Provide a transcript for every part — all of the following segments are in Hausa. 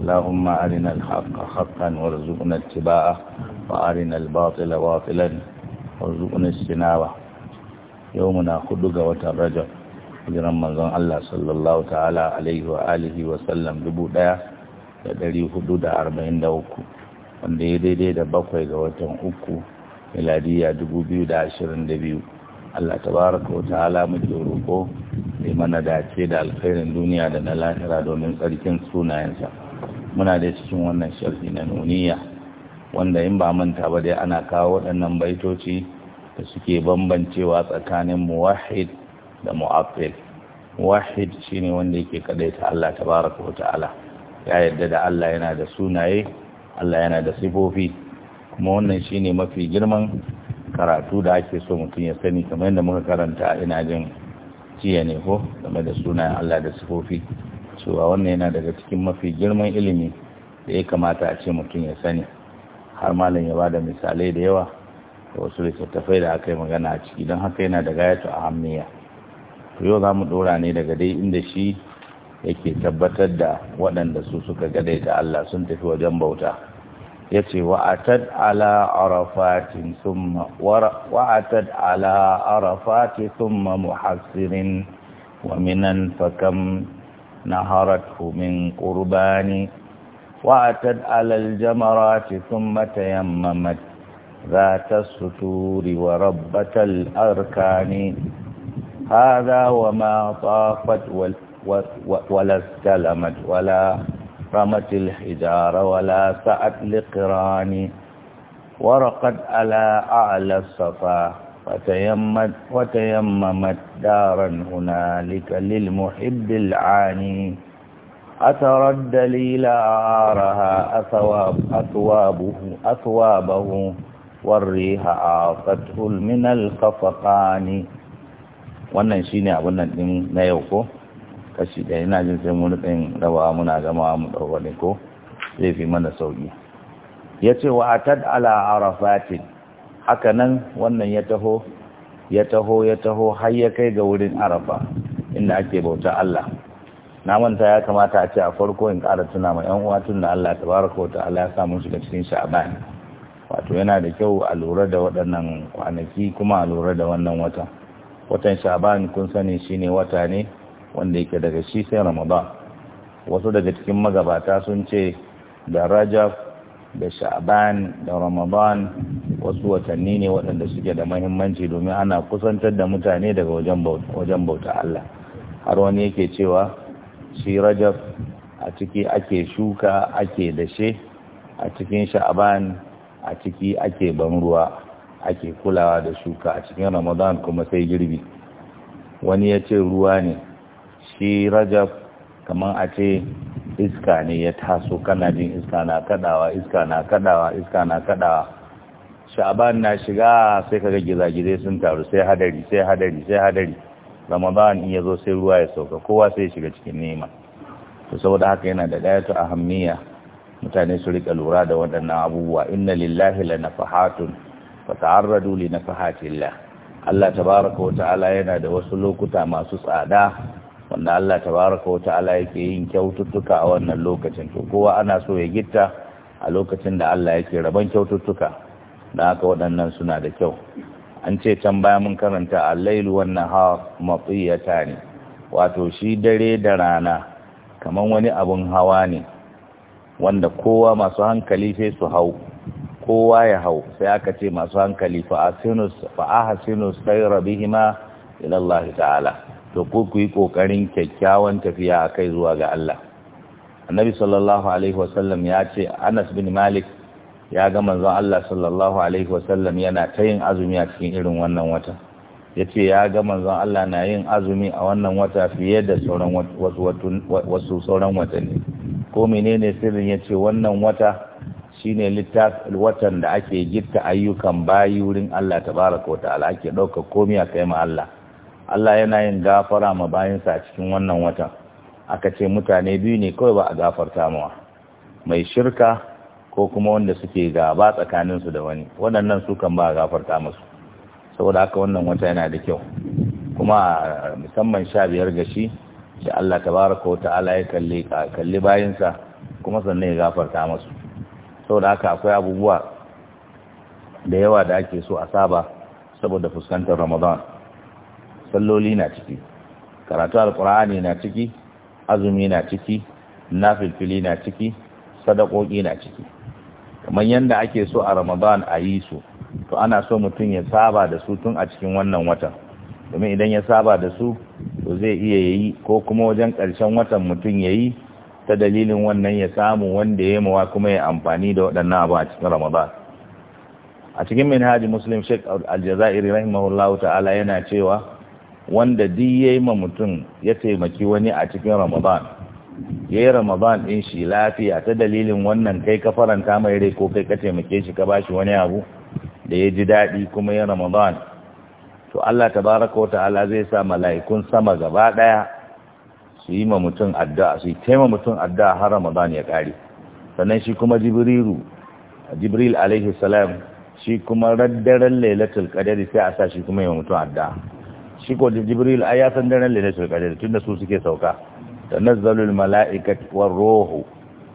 اللهم أرنا الحق حقا وارزقنا اتباعه وأرنا الباطل باطلا وارزقنا اجتنابه يومنا خدق وترجع hijiran manzon Allah sallallahu ta'ala alaihi wa wa sallam dubu ɗaya da ɗari hudu da arba'in da uku wanda ya daidai da bakwai ga watan uku miladiya dubu biyu da ashirin da biyu Allah tabaraka wa muke roƙo da mana dace da alkhairin duniya da na lahira domin tsarkin sunayensa muna da cikin wannan sharhi na nuniya wanda in ba manta ba dai ana kawo waɗannan baitoci da suke bambancewa tsakanin muwahid da mu'affil muwahid shine wanda yake ta Allah tabaraka wa ta'ala ya yarda da Allah yana da sunaye Allah yana da sifofi kuma wannan shine mafi girman karatu da ake so mutum ya sani kamar yadda muka karanta ina jin jiya ne ko game da sunayen Allah da sifofi cewa wannan yana daga cikin mafi girman ilimi da ya kamata a ce mutum ya sani har malam ya ba da misalai da yawa da wasu littattafai da aka yi magana a ciki don haka yana da gayatu a hamiya to yau za mu ɗora ne daga dai inda shi yake tabbatar da waɗanda su suka da Allah sun tafi wajen bauta ya ce wa'atad ala arafatin ala arafati thumma muhassirin wa minan fakam نهرته من قربان وأتت على الجمرات ثم تيممت ذات السطور وربة الأركان هذا وما طافت ولا استلمت ولا رمت الحجار ولا سعت لقران ورقت على أعلى الصفا وتيممت دارا هنالك للمحب العاني أترى الدليل آرها أثواب أثوابه, أثوابه والريح عاصته من الخفقان wannan shine abun nan din na yau ko kashi ɗaya ina jin sai mun din rawa muna gama mu dawo ne ko zai fi mana sauki yace wa atad ala arafatin haka nan wannan ya taho ya taho ya taho har ya kai ga wurin arafa inda ake bauta Allah na manta ya kamata a ce a farko in ƙara tuna ma yan uwa tun da Allah tabaraka wa ta'ala ya samu shiga cikin sha'ban wato yana da kyau a lura da waɗannan kwanaki kuma a lura da wannan wata watan sha'ban kun sani shine wata ne wanda yake daga shi sai ramadan wasu daga cikin magabata sun ce da rajab da sha'ban da ramadan wasu watanni ne waɗanda suke da mahimmanci domin ana kusantar da mutane daga wajen bauta Allah har wani yake cewa shi rajab a ciki ake shuka ake dashe a cikin sha'ban a ciki ake ban ruwa ake kulawa da shuka a cikin ramadan kuma sai girbi wani ya ce ruwa ne shi rajab kamar a ce iska ne ya taso kana jin iska na kadawa iska na kadawa iska na kadawa sha'aban na shiga sai kaga gizagizai sun taru sai hadari sai hadari sai hadari ramadan in zo sai ruwa ya sauka kowa sai ya shiga cikin nema to saboda haka yana da daya ta ahammiya mutane su rika lura da waɗannan abubuwa inna lillahi lanafahatun fata'arradu linafahatillah Allah tabaraka wa ta'ala yana da wasu lokuta masu tsada wanda Allah tabaraka wata ta'ala yake yin kyaututtuka a wannan lokacin to kowa ana so ya gitta a lokacin da Allah yake rabon kyaututtuka da haka waɗannan suna da kyau an ce can baya mun karanta al-lailu wan ta ne wato shi dare da rana kaman wani abun hawa ne wanda kowa masu hankali sai su hau kowa ya hau sai aka ce masu hankali fa ahsinus fa ahsinus sayra bihima ta'ala to ko ku yi ƙoƙarin kyakkyawan tafiya a kai zuwa ga Allah annabi sallallahu alaihi wasallam ya ce anas bin malik ya ga manzon Allah sallallahu alaihi wasallam yana ta yin azumi a cikin irin wannan wata ya ce ya ga manzon Allah na yin azumi a wannan wata fiye da sauran wasu sauran watanni ko menene sirrin yace wannan wata shine littafin watan da ake gitta ayyukan bayi wurin Allah tabaraka wa ta'ala ake ɗauka komai a kai ma Allah Allah yana yin gafara ma bayansa a cikin wannan wata aka ce mutane biyu ne kawai ba a gafarta mawa mai shirka ko kuma wanda suke gaba tsakaninsu da wani waɗannan su kan ba a gafarta musu saboda haka wannan wata yana da kyau kuma musamman sha biyar ga shi da Allah tabaraka wa ta'ala ya kalli kalli bayinsa kuma sannan ya gafarta masu saboda haka akwai abubuwa da yawa da ake so a saba saboda fuskantar Ramadan salloli na ciki karatu alkur'ani na ciki azumi na ciki nafilfili na ciki sadakoki na ciki kamar yadda ake so a ramadan a yi su to ana so mutum ya saba da su tun a cikin wannan watan domin idan ya saba da su to zai iya yi ko kuma wajen ƙarshen watan mutum ya yi ta dalilin wannan ya samu wanda ya mawa kuma ya amfani da waɗannan abu a cikin ramadan a cikin minhaji muslim sheik aljazairi rahimahullahu ta'ala yana cewa wanda duk yayi ma mutum ya taimaki wani a cikin ramadan ya yi ramadan din shi lafiya ta dalilin wannan kai ka faranta mai rai ko kai ka taimake shi ka bashi wani abu da ya ji daɗi kuma ya ramadan to Allah baraka wa ta'ala zai sa mala'ikun sama gaba ɗaya su yi ma mutum addu'a su yi taima mutum addu'a har ramadan ya ƙare sannan shi kuma jibrilu jibril alaihi salam shi kuma raddaren lailatul qadari sai a sa shi kuma ya mutum addu'a shi ko jibril ai ya san daren lailatul qadr tunda su suke sauka tanazzalul malaikatu war ruhu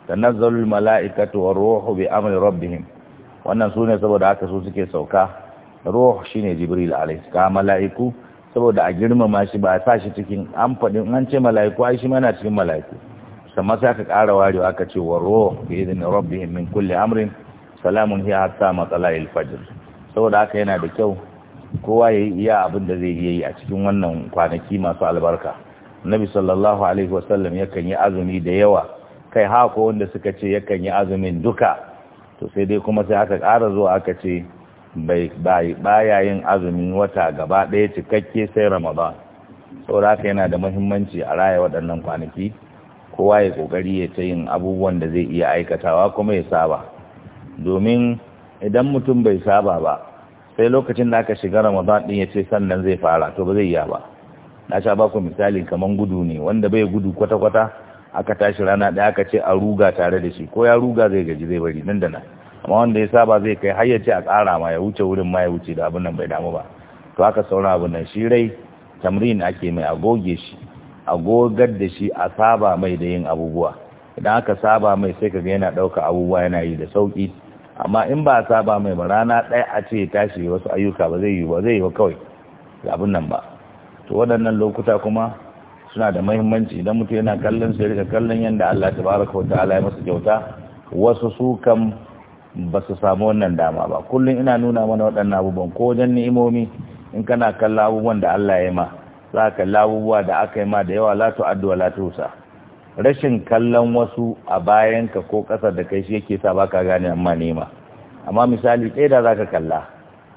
tanazzalul malaikatu war ruhu bi amri rabbihim wannan sune saboda haka su suke sauka ruhu shine jibril alaihi ka malaiku saboda a girmama shi ba a sa shi cikin an fadin an ce mala'iku ai shi mana cikin mala'iku sama sai aka ƙara warewa aka ce wa ruhu bi idni rabbihim min kulli amrin salamun hiya hatta matsala'il fajr saboda haka yana da kyau kowa ya yi iya abin da zai iya yi a cikin wannan kwanaki masu albarka nabi sallallahu alaihi wasallam yakan yi azumi da yawa kai hako wanda suka ce yakan yi azumin duka to sai dai kuma sai aka ƙara zuwa aka ce baya yin azumin wata gaba ɗaya cikakke sai ramadan saboda haka yana da muhimmanci a raya waɗannan kwanaki kowa ya ƙoƙari ya ta yin abubuwan da zai iya aikatawa kuma ya saba domin idan mutum bai saba ba sai lokacin da aka shiga ramadan din ya ce sannan zai fara to ba zai yi ba na sha ba ku misali kaman gudu ne wanda bai gudu kwata-kwata aka tashi rana ɗaya aka ce a ruga tare da shi ko ya ruga zai gaji zai bari nan da nan amma wanda ya saba zai kai har ya ce a tsara ma ya wuce wurin ma ya wuce da abin nan bai damu ba to aka saura abin nan shi rai tamrin ake mai a goge shi a gogar da shi a saba mai da yin abubuwa idan aka saba mai sai ka ga yana ɗauka abubuwa yana yi da sauki amma in ba saba mai ba rana ɗaya a ce tashi wasu ayyuka ba zai yi ba zai yi ba kawai ga abin nan ba to waɗannan lokuta kuma suna da mahimmanci idan mutum yana kallon su ya kallon yadda Allah baraka wa ta'ala ya masa kyauta wasu su kan ba su samu wannan dama ba kullum ina nuna mana waɗannan abubuwan ko wajen ni'imomi in kana kallon abubuwan da Allah ya ma za ka kalla abubuwa da aka yi ma da yawa la tu'addu wa la tusa rashin kallon wasu a bayan ka ko ƙasar da kai shi yake sa baka gane amma nema amma misali ɗaya da za ka kalla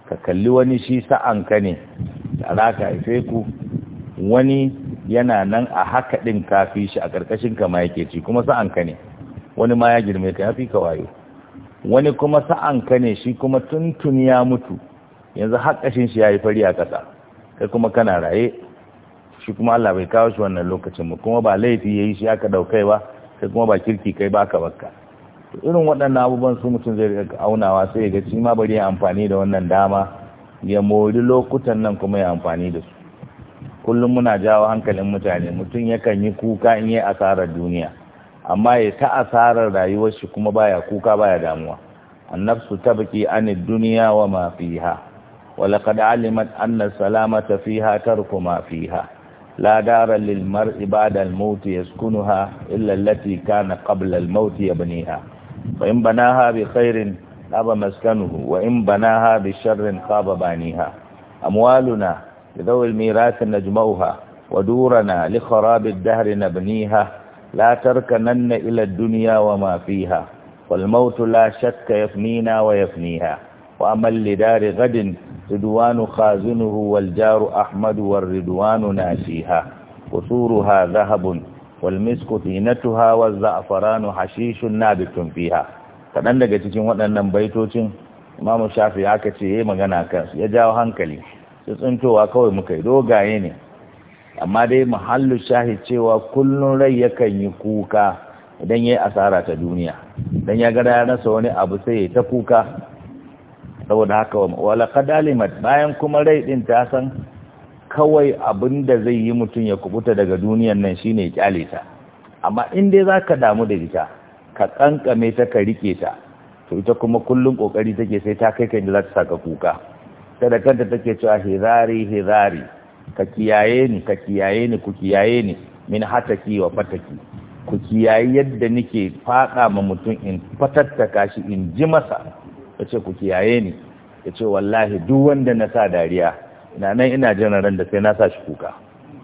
ka kalli wani shi sa'anka ne da zaka haife ku wani yana nan a haka ɗin kafi shi a ƙarƙashin ka ma yake ci kuma sa'anka ne wani ma ya girme ka ya fi ka wayo wani kuma sa'anka ne shi kuma tuntun ya mutu yanzu haƙashin shi ya yi fari a ƙasa kai kuma kana raye shi kuma Allah bai kawo shi wannan lokacin ba kuma ba laifi ya yi shi aka daukai ba sai kuma ba kirki kai baka bakka to irin waɗannan abubuwan su mutum zai aunawa sai ya ga shi ma bari ya amfani da wannan dama ya mori lokutan nan kuma ya amfani da su kullum muna jawo hankalin mutane mutum yakan yi kuka in yi asarar duniya amma ya ta asarar rayuwar shi kuma baya kuka baya damuwa annafsu tabki anid duniya wa ma fiha ولقد علمت أن السلامة فيها ترك ما فيها لا دار للمرء بعد الموت يسكنها إلا التي كان قبل الموت يبنيها فإن بناها بخير خاب مسكنه وإن بناها بشر خاب بانيها أموالنا لذوي الميراث نجموها ودورنا لخراب الدهر نبنيها لا تركنن إلى الدنيا وما فيها والموت لا شك يفنينا ويفنيها وأمل لدار غد رضوان خازنه والجار أحمد والردوان ناسيها قصورها ذهب والمسك ثينتها والزعفران حشيش نابت فيها kaɗan daga cikin waɗannan baitocin imamu shafi aka ce ya magana kansu ya jawo hankali su tsintowa kawai muka yi dogaye ne amma dai muhallu shahi cewa kullum rai yakan yi kuka idan ya yi asara ta duniya idan ya gada ya rasa wani abu sai ya ta kuka saboda haka wala kadalimat bayan kuma rai din ta san kawai abin da zai yi mutum ya kubuta daga duniyan nan shine kyale ta amma in dai zaka damu da ita ka kankame ta ka rike ta to ita kuma kullum kokari take sai ta kai kai da zaka saka kuka ta da kanta take cewa hizari hizari ka kiyaye ni ka kiyaye ni ku kiyaye ni min hataki wa fataki ku kiyaye yadda nake faɗa ma mutum in fatattaka shi in ji masa ya ce ku kiyaye ni ya ce wallahi duk wanda na sa dariya ina nan ina janaran da sai na sa shi kuka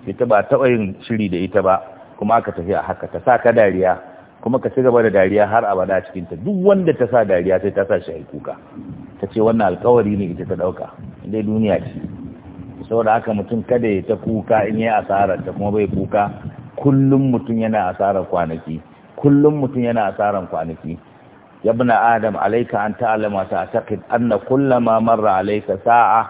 ita ba taɓa yin shiri da ita ba kuma aka tafi a haka ta sa ka dariya kuma ka ci gaba da dariya har abada a cikinta duk wanda ta sa dariya sai ta sa shi ai kuka ta ce wannan alkawari ne ita ta ɗauka dai duniya ce saboda haka mutum kada ya ta kuka in yi asarar ta kuma bai kuka kullum mutum yana asarar kwanaki kullum mutum yana asarar kwanaki ya ibn adam alayka an ta'lama ta'taqid anna kullama marra alaika. sa'a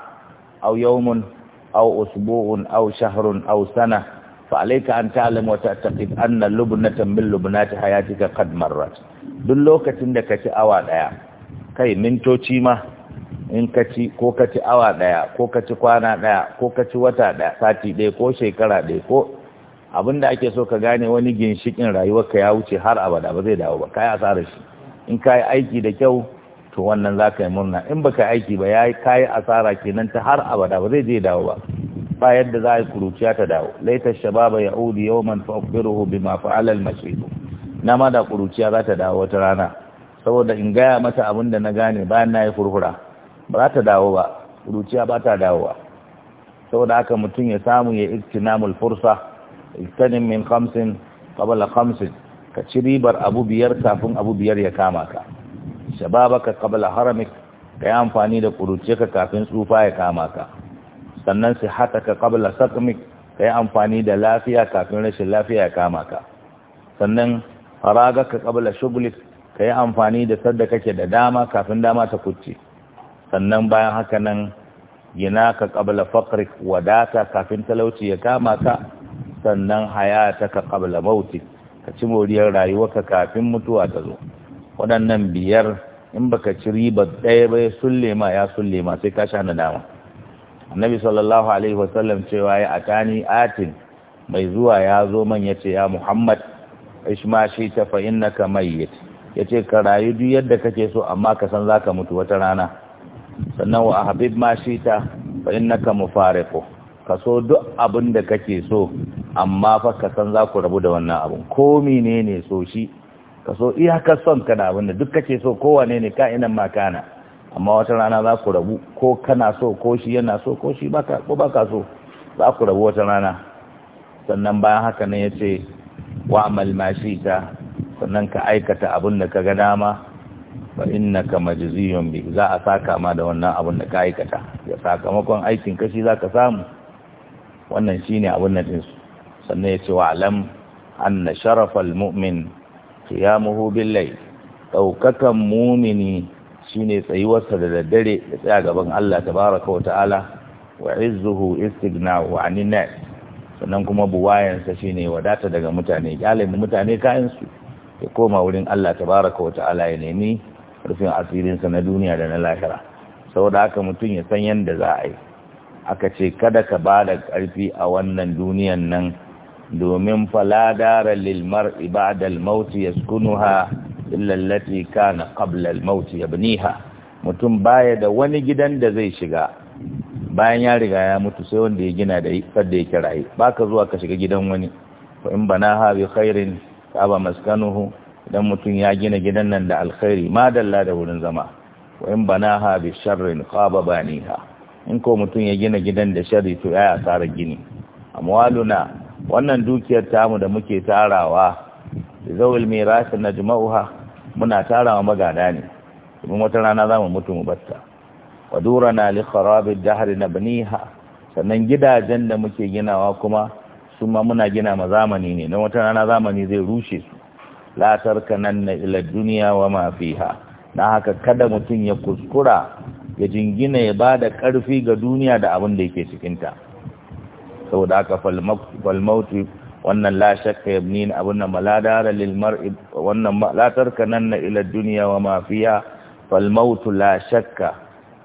aw yawmun Au usbu'un Au shahrun Au sana fa alayka an ta'lama ta'taqid na lubnatan min lubnati hayatika qad marrat duk lokacin da kaci awa daya kai mintoci ma in ka ci ko ka ci awa ɗaya ko ka ci kwana ɗaya ko ka ci wata ɗaya sati ɗaya ko shekara ɗaya ko abin da ake so ka gane wani ginshikin rayuwarka ya wuce har abada ba zai dawo ba ka yi asarar shi in ka yi aiki da kyau to wannan za ka yi murna in ba ka yi aiki ba ya kayi yi asara kenan ta har abada ba zai je dawo ba ba yadda za a yi kuruciya ta dawo laita shababa ya udi yau man fa'afiruhu bi ma fa'alal na ma da kuruciya za ta dawo wata rana saboda in gaya mata abin da na gane bayan na yi furfura ba za ta dawo ba kuruciya ba ta dawowa saboda haka mutum ya samu ya iktinamul fursa iktanin min khamsin qabla khamsin ka ci ribar abu biyar kafin abu biyar ya kama ka shababaka qabla haramik ka yi amfani da kuruce ka kafin tsufa ya kama ka sannan sihataka qabla saqmik ka yi amfani da lafiya kafin rashin lafiya ya kama ka sannan faragaka qabla shughlik ka yi amfani da sadda kake da dama kafin dama ta kucce sannan bayan haka nan gina ka qabla faqrik wadata kafin talauci ya kama ka sannan ka qabla mautik ka ci moriyar rayuwarka kafin mutuwa ta zo waɗannan biyar in baka ci riba ɗaya ba ya sulle ma ya sulle ma sai ka sha dama annabi sallallahu alaihi wasallam cewa ya atani atin mai zuwa ya zo man ya ce ya muhammad ishma shi ta fa innaka mayyit ya ce ka rayu duk yadda kake so amma ka san zaka mutu wata rana sannan wa habib ma shi ta fa innaka mufariqu ka so duk abinda da kake so amma fa ka san za ku rabu da wannan abun ko menene so shi ka so iyakar son kana da da duk kace so kowane ne ka ina ma kana amma wata rana za ku rabu ko kana so ko shi yana so ko shi baka ko baka so za ku rabu wata rana sannan bayan haka ya yace wa amal ta sannan ka aikata abin da ka ga dama fa innaka majziyun bi za a saka ma da wannan abin da ka aikata ya sakamakon aikin kashi zaka samu wannan shine abin da din sannan ya ce wa alam anna sharafal mu'min qiyamuhu bil layl daukakan mu'mini shine tsayuwarsa da daddare da tsaya gaban Allah tabaraka wa ta'ala wa izzuhu istighna'u 'anil nas sannan kuma buwayansa shine wadata daga mutane galibin mutane kayan su ya koma wurin Allah tabaraka wa ta'ala ya nemi rufin asirinsa na duniya da na lahira saboda haka mutum ya san yadda za a yi aka ce kada ka ba da ƙarfi a wannan duniyan nan domin faladara lilmar ibadal mauti ya sukunuha illallati kana qablal mauti yabniha mutum baya da wani gidan da zai shiga bayan ya riga ya mutu sai wanda ya gina da sadda yake Ba baka zuwa ka shiga gidan wani fa in banaha bi khairin aba maskanuhu idan mutum ya gina gidan nan da alkhairi ma dalla da wurin zama wa in banaha bi sharrin khaba baniha in ko mutum ya gina gidan da sharri to ya tsara gini amwaluna wannan dukiyar tamu da muke tarawa zawil mirasi najma'uha muna tarawa magada ne domin wata rana za mu mutu mu batta wa durana li kharabi na nabniha sannan gidajen da muke ginawa kuma su ma muna gina ma zamani ne don wata rana zamani zai rushe su la tarkananna ila dunya wa ma fiha na haka kada mutum ya kuskura ya jingina ya ba da karfi ga duniya da abin da yake cikinta saboda haka falmauti wannan la shakka yabnin abun nan maladara lil mar'i wannan la tarkananna ila dunya wa ma fiha falmautu la shakka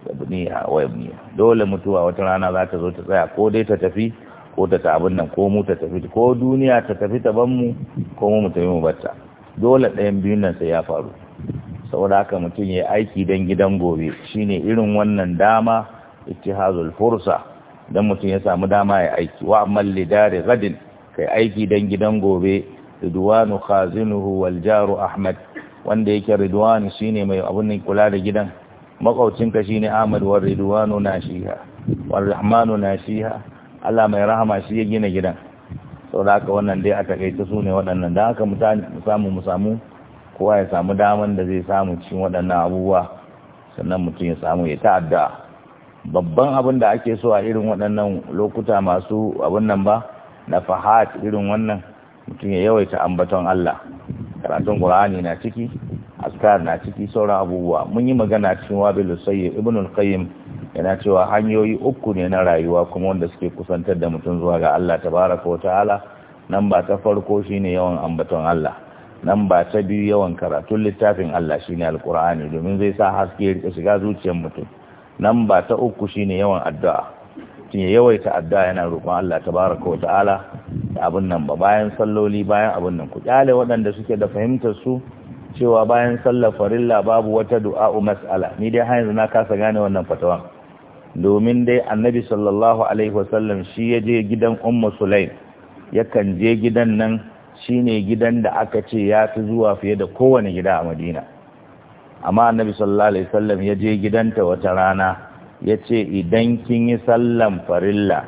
yabniha wa yabni dole mutuwa wata rana za ta zo ta tsaya ko dai ta tafi ko ta abun nan ko mu ta tafi ko duniya ta tafi ta ban mu ko mu tafi mu batta dole ɗayan biyun nan sai ya faru saboda haka mutum ya aiki don gidan gobe shine irin wannan dama ittihazul fursa dan mutum ya samu dama ya aiki wa ammal lidari gadin kai aiki dan gidan gobe ridwanu khazinuhu wal jaru ahmad wanda yake ridwanu shine mai abun nan kula da gidan ka shine ahmad wa ridwanu nashiha wal rahmanu nashiha Allah mai rahama shi ya gina gidan saboda haka wannan dai a takaice sune ne waɗannan dan haka mutane mu samu mu samu kowa ya samu daman da zai samu cikin waɗannan abubuwa sannan mutum ya samu ya ta'adda babban abin da ake so a irin waɗannan lokuta masu abin nan ba na Fahad irin wannan mutum ya yawaita ambaton Allah karatun Qur'ani na ciki askar na ciki sauran abubuwa mun yi magana cikin wabilus sayyid ibn al-qayyim yana cewa hanyoyi uku ne na rayuwa kuma wanda suke kusantar da mutum zuwa ga Allah tabaraka wa ta'ala nan ba ta farko shine yawan ambaton Allah nan ba ta biyu yawan karatun littafin Allah shine alqur'ani domin zai sa haske ya shiga zuciyar mutum nan ba ta uku shine yawan addu'a ya yawaita addu'a yana roƙon Allah tabaraka wa ta'ala da abin nan ba bayan salloli bayan abin nan ku kyale waɗanda suke da fahimtar su cewa bayan sallar farilla babu wata du'a'u mas'ala ni dai hanyar yanzu na kasa gane wannan fatawa. domin dai annabi sallallahu alaihi wasallam shi ya je gidan ummu sulaim yakan je gidan nan shine gidan da aka ce ya fi zuwa fiye da kowane gida a madina amma annabi sallallahu alaihi wasallam ya je gidanta wata rana ya ce idan kin yi sallan farilla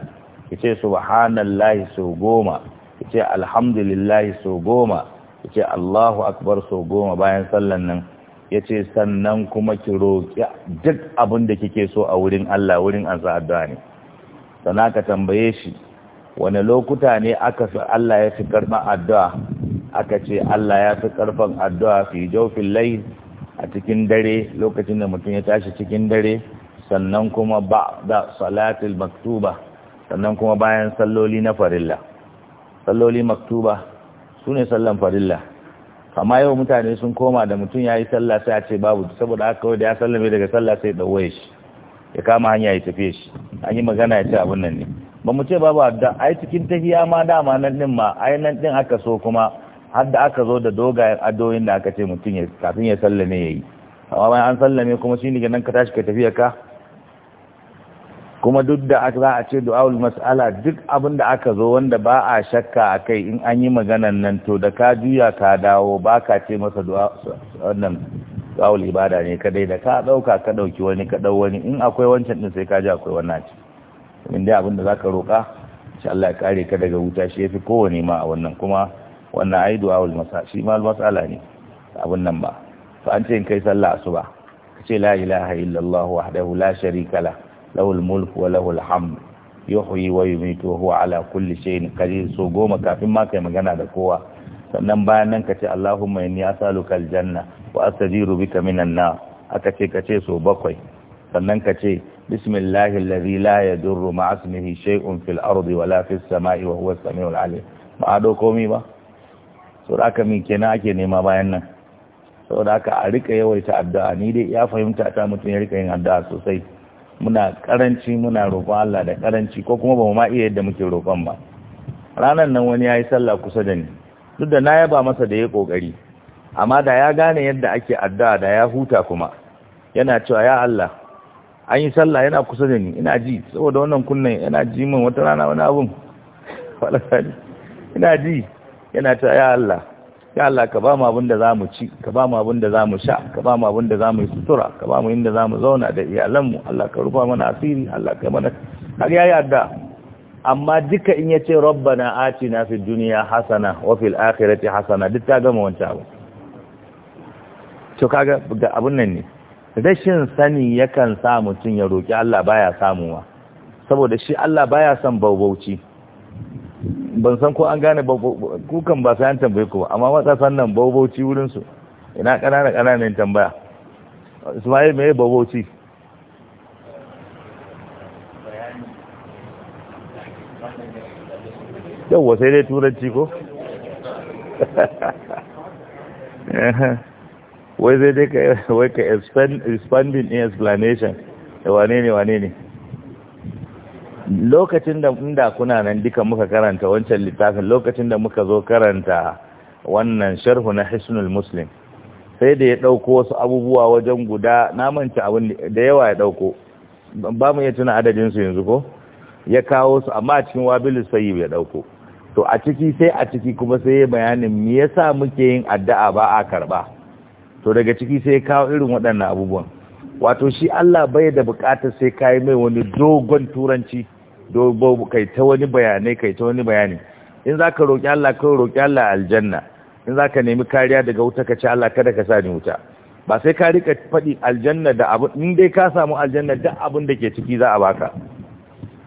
ya ce subhanallahi so goma ya ce alhamdulillahi so goma ya ce allahu akbar so goma bayan sallan nan ya ce sannan kuma ki roƙi duk abin da kike so a wurin allah wurin an addu'a ne sana ka tambaye shi wani lokuta ne aka fi allah ya fi karɓar addu'a aka ce allah ya fi karɓar addu'a fi jaufin layl a cikin dare lokacin da mutum ya tashi cikin dare sannan kuma ba da salatul maktuba sannan kuma bayan salloli na farilla salloli maktuba su ne sallan farilla amma yau mutane sun koma da mutum ya yi sallah sai a ce babu saboda haka kawai da ya sallame daga sallah sai ɗauwaye shi ya kama hanya ya tafiye shi an yi magana ya ce abin nan ne ba mu ce babu a cikin tafiya ma dama nan din ma ai nan din aka so kuma har da aka zo da dogayen adoyin da aka ce mutum ya kafin ya sallame ya yi amma bayan an sallame kuma shi ne nan ka tashi ka tafiya ka kuma duk da za a ce du'awul mas'ala duk abin da aka zo wanda ba a shakka a kai in an yi maganan nan to da ka juya ka dawo ba ka ce masa wannan du'awul ibada ne kadai da ka ɗauka ka ɗauki wani ka dau wani in akwai wancan din sai ka ji akwai wannan ce domin dai abin da za ka insha Allah ya kare ka daga wuta shi yafi kowane ma a wannan kuma wannan ai du'a masa shi ma mas'ala ne abun nan ba to an ce in kai sallah asuba kace la ilaha illallah wahdahu la sharika la lahul mulk wa lahul hamd yuhyi wa yumitu huwa ala kulli shay'in qadir so goma kafin ma kai magana da kowa sannan bayan nan kace allahumma inni as'aluka aljanna wa astajiru bika minan nar aka ce kace so bakwai sannan kace bismillahi alladhi la yadurru ma'a ismihi shay'un fil ardi wala fis sama'i wa huwa as a dauko mi ba sau da aka min kenan ake nema bayan nan sau da aka a rika yawaita addu'a ni dai ya fahimta ta mutum ya rika yin addu'a sosai muna karanci muna roƙon Allah da karanci ko kuma ba mu ma iya yadda muke roƙon ba ranar nan wani ya yi sallah kusa da ni duk da na yaba masa da ya ƙoƙari amma da ya gane yadda ake addu'a da ya huta kuma yana cewa ya Allah an yi sallah yana kusa da ni ina ji saboda wannan kunnen yana ji min wata rana wani abun ina ji yana ta ya Allah ya Allah ka ba mu abin da zamu ci ka ba mu abin da zamu sha ka ba mu abin da zamu yi sutura ka ba mu inda zamu zauna da iyalan mu Allah ka rufa mana asiri Allah ka mana har ya adda amma duka in yace rabbana atina fid dunya hasana wa fil akhirati hasana duk ta gama wancan abu to kaga ga abun nan ne rashin sani yakan sa mutum ya roki Allah baya samuwa saboda shi Allah baya son baubauci ban san ko an gane kukan ba sai an tambaye ku ba amma matasan nan bauchi wurin su ina kanana ƙananan tambaya ismail me bauchi yauwa sai dai turanci ko wai zai dai ka expanding explanation da wane ne wane ne lokacin da inda kuna nan duka muka karanta wancan littafin lokacin da muka zo karanta wannan sharhu na hisnul muslim sai da ya ɗauko wasu abubuwa wajen guda namanta abin da yawa ya ɗauko ba mu iya tuna adadin su yanzu ko ya kawo su amma a cikin wabil sayi ya ɗauko to a ciki sai a ciki kuma sai ya bayanin me yasa muke yin addu'a ba a karɓa to daga ciki sai ya kawo irin waɗannan abubuwan wato shi Allah bai da buƙatar sai kayi mai wani dogon turanci dobo kai ta wani bayanai kai ta wani bayani in zaka roki Allah ka roki Allah aljanna in zaka nemi kariya daga wuta ka ce Allah kada ka sa ni wuta ba sai ka rika faɗi aljanna da abu in dai ka samu aljanna duk abin da ke ciki za a baka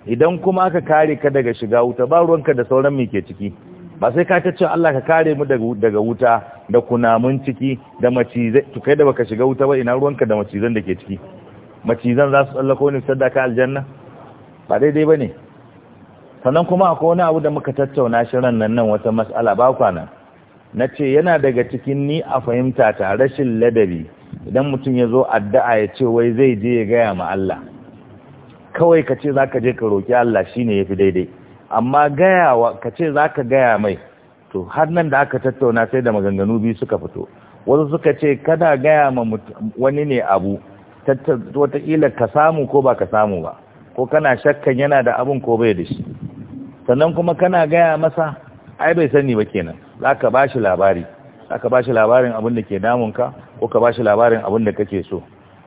idan kuma aka kare ka daga shiga wuta ba ruwanka da sauran mai ke ciki ba sai ka ta ce Allah ka kare mu daga wuta da kunamun ciki da macizai to kai da baka shiga wuta ba ina ruwanka da macizan da ke ciki macizan za su tsallako ne sadaka aljanna ba daidai ba ne sannan kuma akwai wani abu da muka tattauna shi nan nan wata mas'ala ba kwana na ce yana daga cikin ni a fahimta ta rashin ladabi idan mutum ya zo addu'a ya ce wai zai je ya gaya ma Allah kawai ka ce za ka je ka roƙi Allah shi ne ya fi daidai amma gayawa ka ce za ka gaya mai to har nan da aka tattauna sai da maganganu biyu suka fito wasu suka ce kada gaya ma wani ne abu wataƙila ka samu ko ba ka samu ba ko kana shakkan yana da abin ko bai da shi sannan kuma kana gaya masa ai bai sani ba kenan za ka ba shi labari za ka ba shi labarin abin da ke damunka ko ka ba shi labarin abin da kake so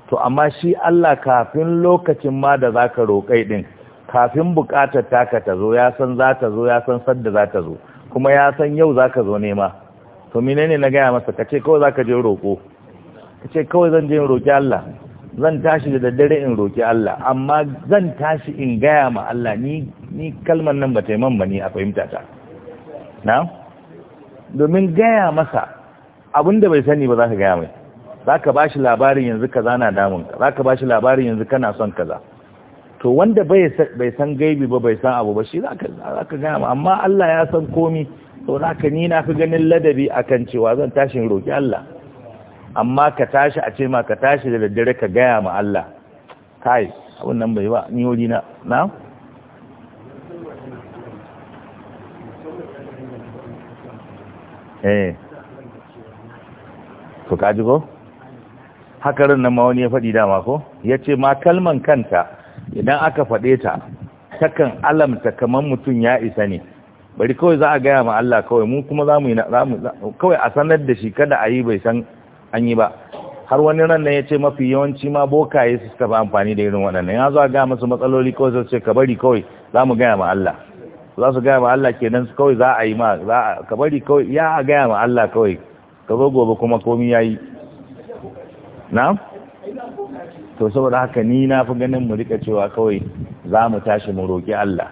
to amma shi Allah kafin lokacin ma da za ka roƙai ɗin kafin buƙatar taka ta zo ya san za ta zo ya san sadda za ta zo kuma ya san yau za ka zo nema to menene na gaya masa ka ce kawai za ka je roƙo ka ce kawai zan je roƙi Allah zan tashi da daddare in roki Allah amma zan tashi in gaya ma Allah ni ni kalmar nan ba ta man ba ni a fahimta ta na domin gaya masa abinda bai sani ba za ka gaya mai za ka ba shi labarin yanzu kaza na damun ka za ka ba shi labarin yanzu kana son kaza to wanda bai san gaibi ba bai san abu ba shi za ka gaya ma amma Allah ya san komi to za ka ni na fi ganin ladabi akan cewa zan in roƙi Allah amma ka tashi a ce ma ka tashi da daddare ka gaya ma Allah kai abin nan bai ba ni wuri na na eh to kaji ko hakarin nan ma wani ya faɗi dama ko ya ce ma kalman kanta idan aka faɗe ta takan alamta kamar mutum ya isa ne bari kawai za a gaya ma Allah kawai mu kuma za mu yi kawai a sanar da shi kada a yi bai san an yi ba har wani ran ne ya ce mafi yawanci ma bokaye su fi amfani da irin waɗannan ya a gaya masu matsaloli kawai sai ce ka bari kawai za mu gaya ma Allah za su gaya ma Allah kenan su kawai za a yi ma za ka bari kawai ya gaya ma Allah kawai ka zo gobe kuma komi ya yi na to saboda haka ni na fi ganin mu rika cewa kawai za mu tashi mu roƙi Allah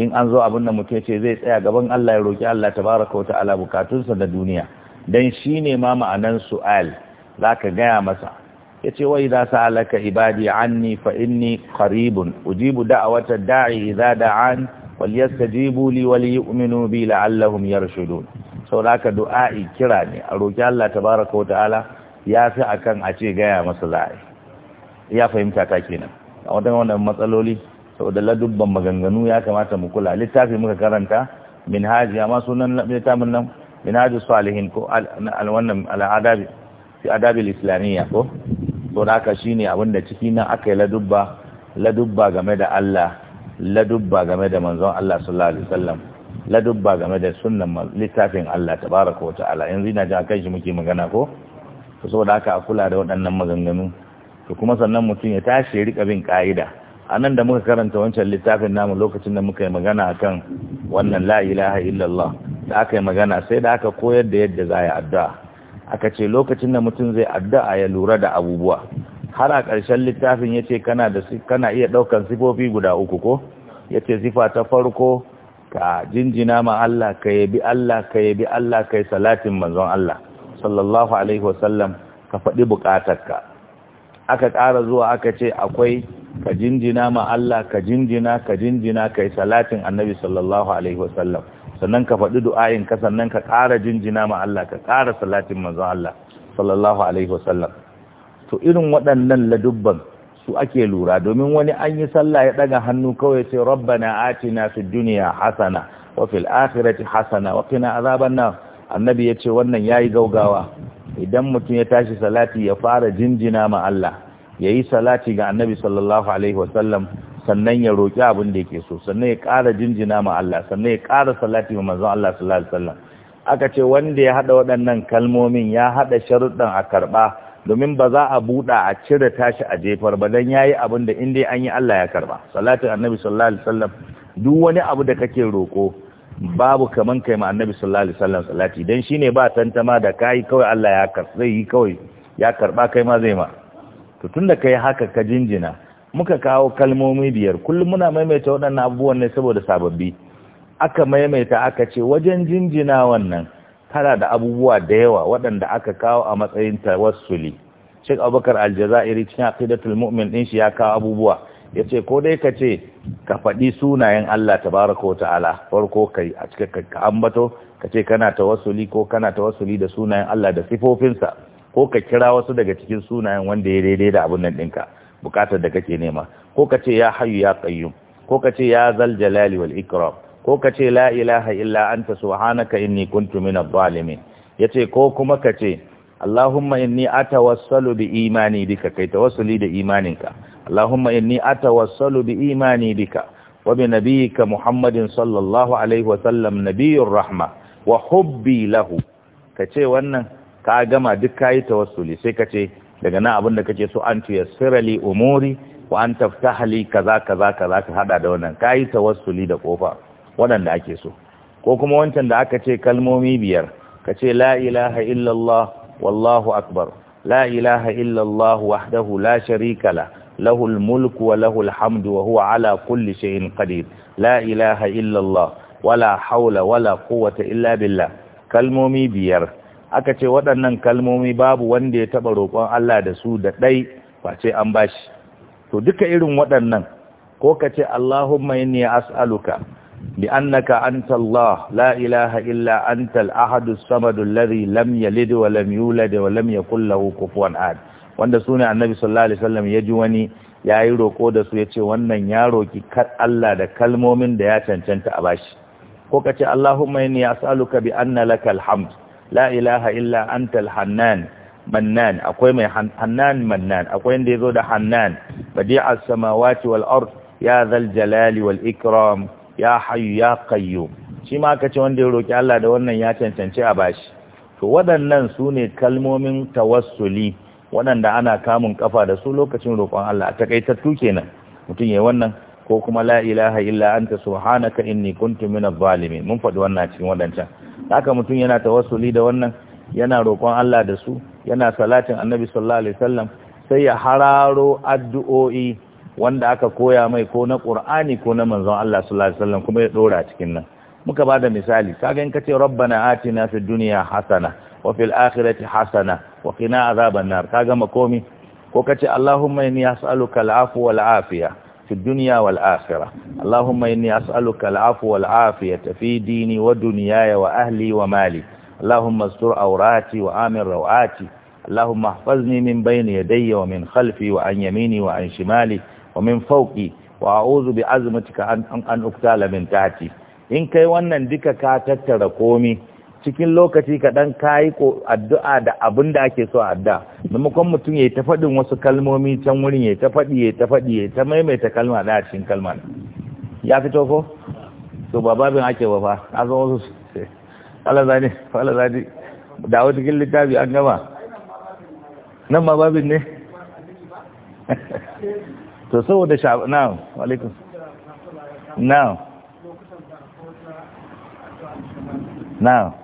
in an zo abin da mutum ce zai tsaya gaban Allah ya roƙi Allah tabaraka wa ta'ala bukatunsa da duniya dan ne ma ma'anan su'al ka gaya masa yace wai za idza alaka ibadi anni fa inni qaribun ujibu da'wata da'i idza da'an walyastajibu li wa liyu'minu bi la'allahum yarshudun ka du'a'i kira ne a roki Allah tabaaraka wa ta'ala fi akan a ce gaya masa za'i ya fahimta ta kenan a wadannan wannan matsaloli saboda ladubban maganganu ya kamata mu kula Littafin muka karanta Min minhaji amma sunan littafin nan minhaju salihin ko wannan adabi fi adabi islamiyya ko to haka shine abin da ciki nan aka yi ladubba ladubba game da Allah ladubba game da manzon Allah sallallahu alaihi wasallam ladubba game da sunnan littafin Allah tabaaraka wa ta'ala yanzu ina ji akai shi muke magana ko saboda haka a kula da waɗannan maganganu to kuma sannan mutum ya tashi ya rika bin ka'ida a nan da muka karanta wancan littafin namu lokacin da muka yi magana a kan wannan La'ilaha illallah da aka yi magana sai da aka koyar da yadda za a yi addu'a aka ce lokacin da mutum zai addu'a ya lura da abubuwa har a ƙarshen littafin ya ce kana da kana iya ɗaukan sifofi guda uku ko ya ce sifa ta farko ka jinjina ma Allah ka yabi Allah ka yabi Allah ka yi salatin manzon Allah sallallahu alaihi wasallam ka faɗi buƙatarka aka ƙara zuwa aka ce akwai ka jinjina ma Allah ka jinjina ka jinjina kai salatin annabi sallallahu alaihi wasallam sannan ka faɗi du'ayin ka sannan ka ƙara jinjina ma Allah ka ƙara salatin manzon Allah sallallahu alaihi wasallam to irin waɗannan ladubban su ake lura domin wani an yi sallah ya ɗaga hannu kawai sai rabbana atina fid dunya hasana wa fil akhirati hasana wa qina azaban annabi ya ce wannan yayi gaugawa idan mutum ya tashi salati ya fara jinjina ma Allah Ya yi salati ga annabi sallallahu alaihi wasallam sannan ya roƙi abin da yake so sannan ya ƙara jinjina ma Allah sannan ya ƙara salati ma manzon Allah sallallahu alaihi wasallam aka ce wanda ya hada waɗannan kalmomin ya hada sharuɗan a karɓa domin ba za a buɗa a cire tashi a jefar ba dan yayi abin da indai an yi Allah ya karba salatin annabi sallallahu alaihi wasallam duk wani abu da kake roko babu kaman kai ma annabi sallallahu alaihi wasallam salati dan shine ba tantama da kai kawai Allah ya karba zai yi kawai ya karba kai ma zai ma to tunda yi haka ka jinjina muka kawo kalmomi biyar kullum muna maimaita waɗannan abubuwan ne saboda sababbi aka maimaita aka ce wajen jinjina wannan tana da abubuwa da yawa waɗanda aka kawo a matsayin tawassuli shek Abubakar Aljazairi cikin Aqidatul Mu'min din shi ya kawo abubuwa Ya ce ko dai ka ce ka faɗi sunayen Allah tabaraka wa ta'ala farko kai a cikin ka ambato ka ce kana tawassuli ko kana tawassuli da sunayen Allah da sifofinsa ko ka kira wasu daga cikin sunayen wanda ya daidai da abun nan ɗinka bukatar da kake nema ko ka ce ya hayu ya qayyum ko ka ce ya zal jalali wal ikram ko ka ce la ilaha illa anta subhanaka inni kuntu minadh zalimin yace ko kuma ka ce Allahumma inni atawassalu bi imani bika kai tawassuli da imaninka Allahumma inni atawassalu bi imani bika wa bi nabiyyika Muhammadin sallallahu alaihi wa sallam nabiyyur rahma wa hubbi lahu kace wannan ka gama duk kayi tawassuli sai ka ce daga nan abin da kake so an tuyassira li umuri wa an taftaha li kaza kaza kaza ka hada da wannan kayi tawassuli da kofa waɗanda ake so ko kuma wancan da aka ce kalmomi biyar ka ce la ilaha illallah wallahu akbar la ilaha illallah wahdahu la sharika la lahul mulku wa lahul hamdu wa huwa ala kulli shay'in qadir la ilaha illallah wala haula wala quwwata illa billah kalmomi biyar aka ce waɗannan kalmomi babu wanda ya taɓa roƙon Allah da su da ɗai face an bashi to duka irin waɗannan ko ka ce Allahumma inni as'aluka bi annaka anta Allah la ilaha illa anta al samadu lari lam lidi wa lam yulad wa lam yakul lahu kufuwan ahad wanda ne annabi sallallahu alaihi wasallam ya ji wani yayi roƙo da su yace wannan ya roki Allah da kalmomin da ya cancanta a bashi ko ka ce Allahumma inni as'aluka bi anna lakal hamd La'ilaha ilaha illa antal hannan mannan akwai mai hannan mannan akwai inda yazo da hannan badi'as samawati wal ard ya zal jalali wal ikram ya hayyu ya qayyum shi ma kace wanda ya roki Allah da wannan ya cancanci a bashi to waɗannan su ne kalmomin tawassuli waɗanda ana kamun kafa da su lokacin roƙon Allah a takaitattu kenan mutum yayi wannan ko kuma la ilaha illa anta subhanaka inni kuntu minadh zalimin mun faɗi wannan cikin wadancan haka mutum yana tawassuli da wannan yana roƙon Allah da su yana salatin annabi sallallahu alaihi wasallam sai ya hararo addu'o'i wanda aka koya mai ko na Qur'ani ko na manzon Allah sallallahu alaihi wasallam kuma ya dora cikin nan muka bada misali kaga in kace rabbana atina fid dunya hasana wa fil akhirati hasana wa qina azaban nar kaga makomi ko kace allahumma inni as'aluka al-afwa wal afiya في الدنيا والآخرة اللهم إني أسألك العفو والعافية في ديني ودنياي وأهلي ومالي اللهم استر أوراتي وآمن روعاتي اللهم احفظني من بين يدي ومن خلفي وعن يميني وعن شمالي ومن فوقي وأعوذ بعزمتك أن أقتال من تحتي إن كي ونن ديك كاتتر قومي cikin lokaci kaɗan ka ko addu'a da abin da ake so adda maimakon mutum ya yi ta faɗin wasu kalmomi can wurin ya ta faɗi ya ta faɗi ya ta maimaita kalma da cikin kalma ya fito ko to ba babin ake ba fa a zo wasu eh, Allah zani Allah zani da wata cikin littafi an gama nan ma babin ne to saboda na alaikum na na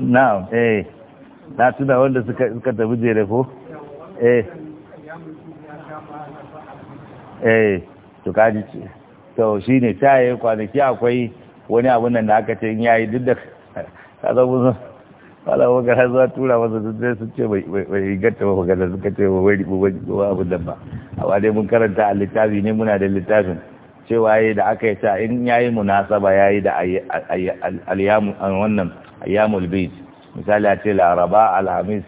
na'am eh na tuna wanda suka suka tafi jere ko eh eh to kaji to shine taye kwanaki akwai wani abun nan da aka ce in yayi duk da kaza mun wala waka har zuwa tura masa duk sai sun ce bai gatta ba magana suka ce ba wai ribu ba abu da ba amma dai mun karanta a littafi ne muna da littafin cewa yayi da aka yi ta in yayi munasaba yayi da ayyamu wannan ayyamul bayt misali a ce laraba alhamis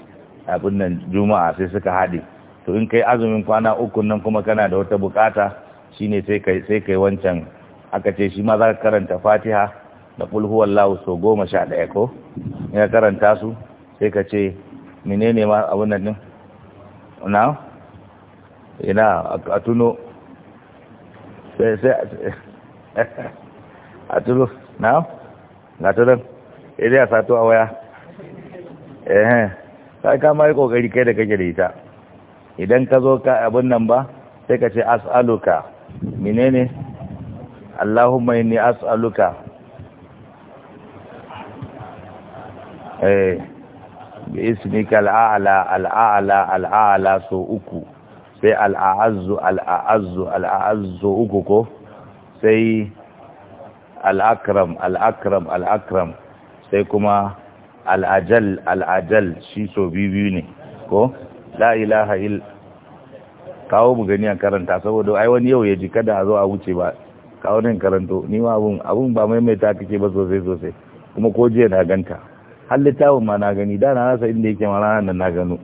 abin nan juma'a sai suka haɗe to in kai azumin kwana uku nan kuma kana da wata bukata shine sai kai sai kai wancan aka ce shi ma za ka karanta fatiha da kul huwallahu so goma sha ɗaya ko ka karanta su sai ka ce menene ma abin nan din na ina a tuno sai sai a tuno na ga tuno sai a sato a waya eh sai ka mai kokari kai da kake da ita idan ka zo ka abin nan ba sai ka ce as'aluka menene Allahumma inni as'aluka eh bi ismika al'ala al'ala al'ala so uku sai al'azzu al'azzu al'azzu uku ko sai al'akram al'akram al'akram sai kuma al'ajal al'ajal shi so biyu ne ko la ilaha il kawo mu gani a karanta saboda ai wani yau ya ji kada a zo a wuce ba kawo nan karanto ni ma abun abun ba maimaita kake ba sosai sosai kuma ko jiya na ganta har littafin ma na gani da na rasa inda yake mara nan na gano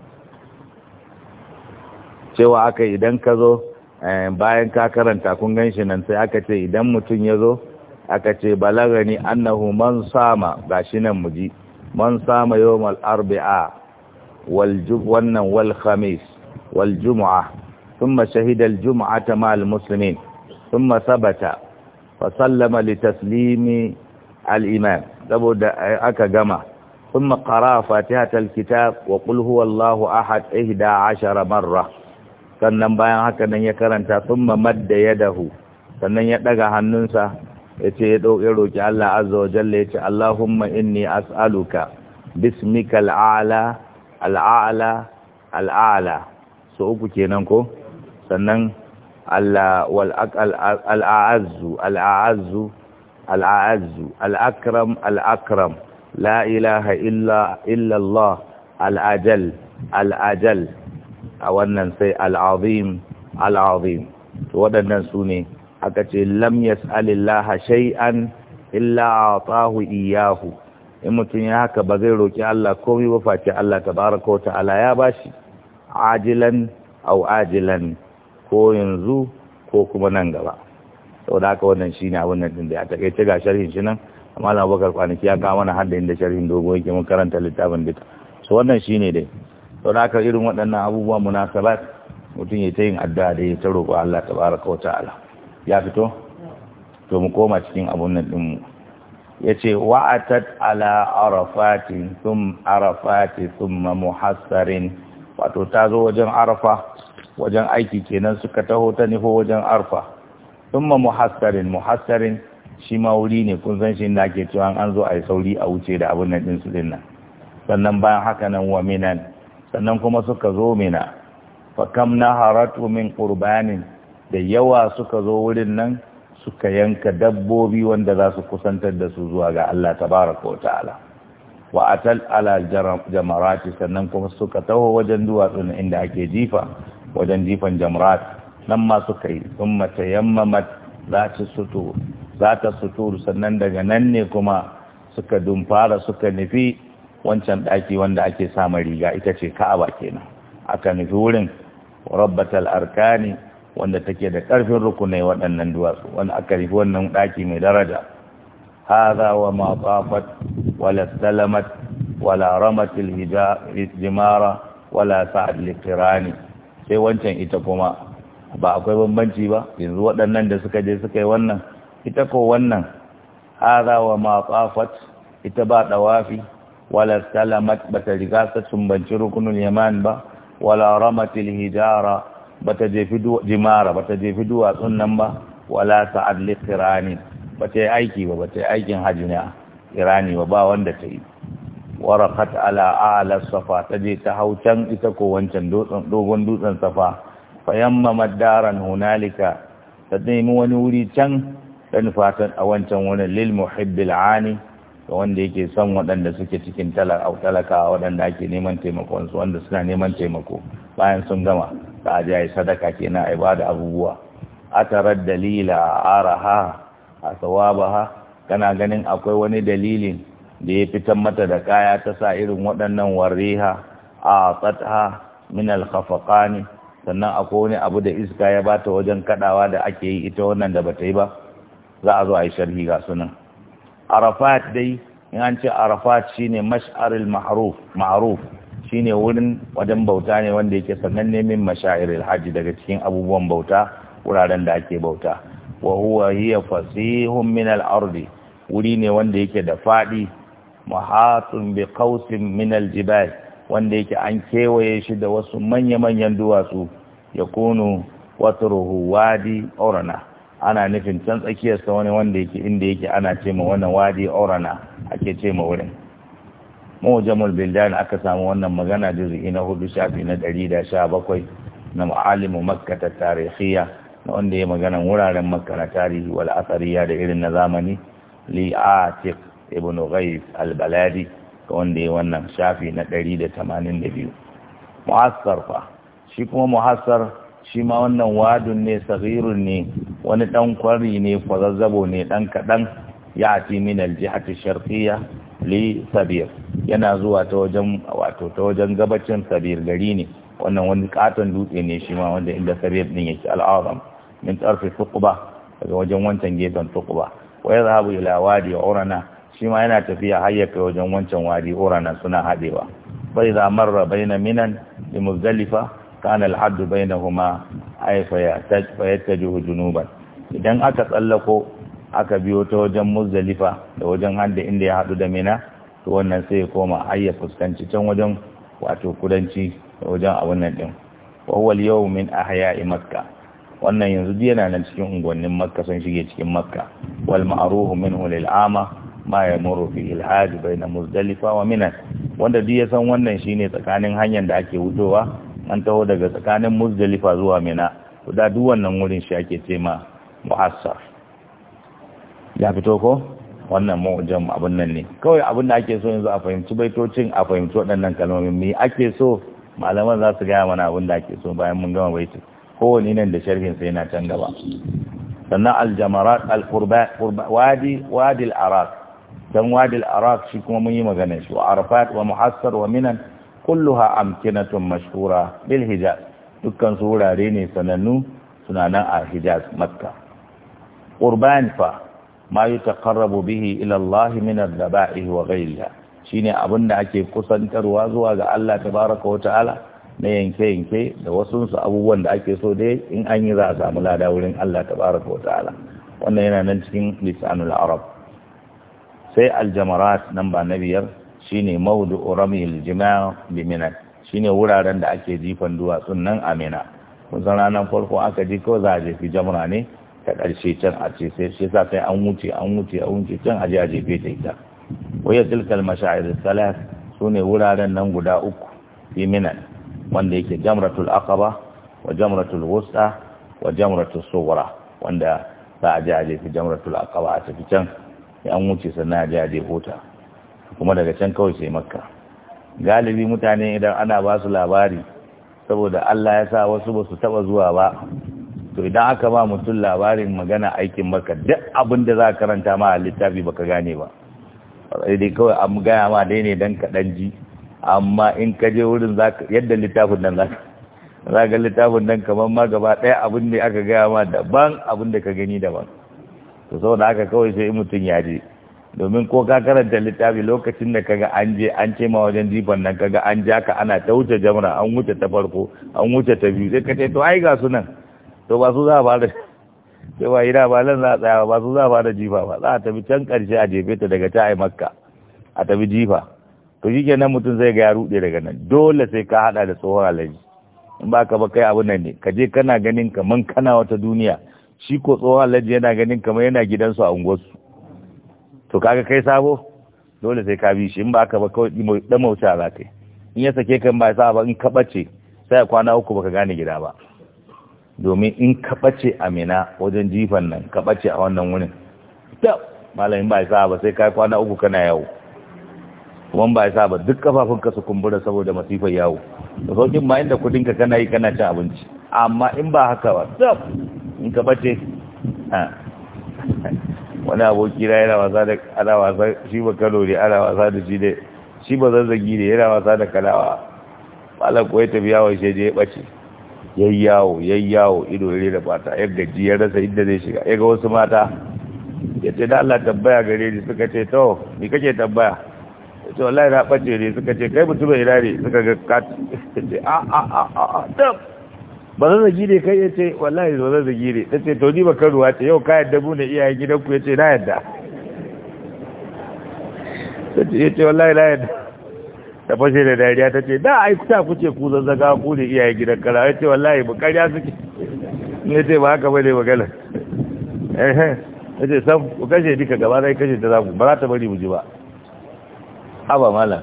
cewa aka idan ka zo eh, bayan ka karanta kun gan shi nan sai aka ce idan mutum ya zo aka ce balagani annahu man sama gashi nan muji man sama yawmal arba'a wal wannan wal khamis wal jum'a thumma shahida al jum'ata ma'al muslimin thumma sabata fa sallama li taslimi al saboda aka gama ثم قرأ فاتحة الكتاب وقل Ahad, الله أحد إهدى عشر sannan bayan haka nan ya karanta sun madda ya dahu sannan ya ɗaga hannunsa yace ya ce ya roƙi Allah azza wa jalla yace Allahumma inni as'aluka bismikal a'la al'a'la al'a'la so uku kenan ko sannan Allah wal al'azzu al'azzu al'azzu al'akram al'akram la ilaha illa illa Allah al'ajal al'ajal a wannan sai al'azim al'azim to waɗannan su ne aka ce lam yas'alillaha shay'an illa atahu iyahu in mutum ya haka ba zai roki Allah komai ba face Allah tabaraka wa ta'ala ya bashi ajilan aw ajilan ko yanzu ko kuma nan gaba saboda haka wannan shine abin nan din da ya takeice ga sharhin shi nan amma Allah Abubakar kwanaki ya kawo mana hadda inda sharhin dogo yake mun karanta littafin duka so wannan shine dai saboda haka irin waɗannan abubuwa munasabat mutum ya ta yin addu'a da ya ta roƙo Allah tabaraka wa ta'ala ya fito to mu koma cikin abun nan din ya yace wa'atat ala arafatin thum arafati thumma muhassarin wato ta zo wajen arafa wajen aiki kenan suka taho ta nufo wajen arfa thumma muhassarin muhassarin shi wuri ne kun san shi da ke cewa an zo a yi sauri a wuce da abun nan din su nan sannan bayan haka nan wa minan sannan kuma suka zo mina fa kam naharatu min qurbanin da yawa suka zo wurin nan suka yanka dabbobi wanda za su kusantar da su zuwa ga Allah tabaraka wa ta'ala wa atal ala jamarati sannan kuma suka taho wajen duwatsun inda ake jifa wajen jifan jamarat nan ma suka yi sun mata yammamat za ta suturu sannan daga nan ne kuma suka dumfara suka nufi wancan ɗaki wanda ake samun riga ita ce ka'aba kenan aka nufi wurin rabbatal arkani wanda take da ƙarfin rukunai waɗannan duwatsu wanda aka rufe wannan ɗaki mai daraja hadha wa ma tafat wala salamat wala ramat al-hijara wala sa'ad liqirani sai wancan ita kuma ba akwai bambanci ba yanzu waɗannan da suka je suka yi wannan ita ko wannan hadha wa ma tafat ita ba dawafi wala salamat bata riga ta tumbanci rukunul yaman ba wala ramatil hijara bata jefi jimara bata jefi duwatsun nan ba wala sa'ad li bata yi aiki ba bata yi aikin haji ne irani ba ba wanda ta yi warakat ala a'la safa ta je ta hau can ita ko wancan dogon dutsen safa fayamma madaran hunalika ta nemi wani wuri can dan fatan a wancan wani lil muhibbil ani ga wanda yake son waɗanda suke cikin talaka waɗanda ake neman taimakon su wanda suna neman taimako bayan sun gama za ya yi sadaka kenan a ba da abubuwa a tarar dalila a araha a tsawabaha kana ganin akwai wani dalilin da ya fitar mata da kaya ta sa irin waɗannan wariha a tsatha min alkhafaqani sannan akwai wani abu da iska ya bata wajen kadawa da ake yi ita wannan da bata yi ba za a zo a yi sharhi ga sunan arafat dai in an ce arafat shine mash'aril ma'ruf ma'ruf shine wurin wajen bauta ne wanda yake sannan nemin mashahir Alhaji daga cikin abubuwan bauta wuraren da ake bauta wa huwa hiya fasihun min al-ardi wuri ne wanda yake da fadi mahatun bi qausin min al-jibal wanda yake an kewaye shi da wasu manya-manyan duwatsu ya kunu watruhu wadi orana ana nufin can tsakiyarsa wani wanda yake inda yake ana ce ma wannan wadi orana ake ce ma wurin jamul bildan aka samu wannan magana juz'i na hudu shafi na ɗari da sha bakwai na ma'alimu makka ta tarihiyya na wanda ya magana wuraren makka na tarihi wal asariya da irin na zamani li'atik ibn ghais al-baladi ga wanda ya wannan shafi na ɗari da tamanin da biyu muhassar fa shi kuma muhassar shi ma wannan wadun ne saghirun ne wani ɗan kwari ne kwazazzabo ne ɗan kaɗan ya ati min al-jihati sharqiyya li sabir yana zuwa ta wajen wato ta wajen gabacin sabir gari ne wannan wani katon dutse ne shi ma wanda inda sabir din yake al'azam min tarfi tukuba daga wajen wancan gefen tuqba wa yadhhabu ila wadi urana shi ma yana tafiya har ya kai wajen wancan wadi urana suna haɗewa bai idza marra baina minan li muzdalifa kana al-hadd bainahuma ay fa yatajuhu junuban idan aka tsallako aka biyo ta wajen muzdalifa da wajen hadda inda ya haɗu da mina to wannan sai ya koma ayya fuskanci can wajen wato kudanci da wajen abin nan din wawwal yau min ahya'i makka wannan yanzu duk yana nan cikin unguwannin makka sun shige cikin makka wal ma'aruhu min hulil ama ma yamuru fi ilhaji bai na muzdalifa wa mina wanda duk ya san wannan shine tsakanin hanyar da ake wutowa an taho daga tsakanin muzdalifa zuwa mina to da duk wannan wurin shi ake ce ma mu'assar ya fito ko wannan mu'jam abun nan ne kawai abin da ake so yanzu a fahimci baitocin a fahimci waɗannan kalmomin me ake so malaman za su gaya mana abin da ake so bayan mun gama baitin kowane nan da sharhin sai yana can gaba sannan aljamarat alqurba wadi wadi al dan wadi al shi kuma mun yi magana shi wa arfat wa muhassar wa minan kulluha amkinatun mashhura bil hijaz dukkan su wurare ne sanannu suna nan a hijaz makka qurban fa ma yutaqarrabu bihi ilallahi minar da ad-daba'ih wa shine abin da ake kusantarwa zuwa ga Allah baraka wa ta'ala na yanke-yanke da wasunsu abubuwan da ake so dai in an yi za a samu lada wurin Allah baraka wa ta'ala wannan yana nan cikin lisanul arab sai aljamarat namba na biyar shine maudu urami jima' bi shine wuraren da ake jifan duwatsun nan amina kun san ranar farko aka ji ko za a jefi jamra ne ta ƙarshe can a ce sai shi sa sai an wuce an wuce an wuce can a a jefe ta ita waya tilkal mashaa'ir salas ne wuraren nan guda uku fi minan wanda yake jamratul aqaba wa jamratul wusta wa jamratul sughra wanda za a je a jefe jamratul aqaba a tafi can an wuce sannan a a ta kuma daga can kawai sai makka galibi mutane idan ana ba su labari saboda Allah ya sa wasu ba su taba zuwa ba to idan aka ba mutum labarin magana aikin maka duk abin da za ka karanta ma a littafi baka gane ba dai kawai an gaya ma dai ne dan kaɗan ji amma in ka je wurin yadda littafin nan za ka littafin nan kamar ma gaba ɗaya abin da aka gaya ma daban abin da ka gani daban to saboda haka kawai sai mutum ya je domin ko ka karanta littafi lokacin da kaga an je an ce ma wajen jifan nan kaga an ja ka ana ta wuce jamra an wuce ta farko an wuce ta biyu sai ka ce to ai ga su nan to ba su za a bada da ba ina ba nan za a tsaya ba su za a bada jifa ba za a tafi can karshe a jefe ta daga ta makka a tafi jifa to shi kenan mutum zai ga ya rude daga nan dole sai ka hada da tsohon alaji in ba ka ba kai abu nan ne ka je kana ganin kaman kana wata duniya shi ko tsohon alaji yana ganin kamar yana gidansu a unguwarsu to kaga kai sabo dole sai ka bi shi in ba ka ba kawai dan mauta za ka yi in ya sake kan ba sa ba in ka bace sai a kwana uku baka gane gida ba domin in ka a mina wajen jifan nan ka a wannan wurin ta malamin ba isa ba sai kai kwana uku kana yawo kuma ba isa ba duk kafafun ka su kumbura saboda masifar yawo da saukin ma inda kudin ka kana yi kana cin abinci amma in ba haka ba ta in ka ɓace wani aboki na yana wasa da ana wasa shi ba kano ne ana wasa da shi ne shi ba zazzagi ne yana wasa da kalawa malam kuwa ya tafi yawon shi ya ɓace yayyawo yayyawo ido rere da bata yar gaji ya rasa inda zai shiga yaga ga wasu mata ya ce da Allah tabbaya gare ni suka ce to ni kake tabbaya ya wallahi na ɓace ne suka ce kai mutum mai rari suka ga ka ce a a a a a dab ba zan zagi ne kai yace wallahi ba zan zagi ne ta ce to ni ba karuwa ce yau ka yadda mu ne iyayen gidanku yace na yadda ya ce wallahi na yadda da fashe da dariya ta ce da ai kuta kuce ku zaga ku da iyaye gidan kala ya ce wallahi ba karya suke ne ce ba haka bane magana eh eh ce sam ku kashe duka gaba zai kashe ta zamu ba za ta bari mu ji ba haba malam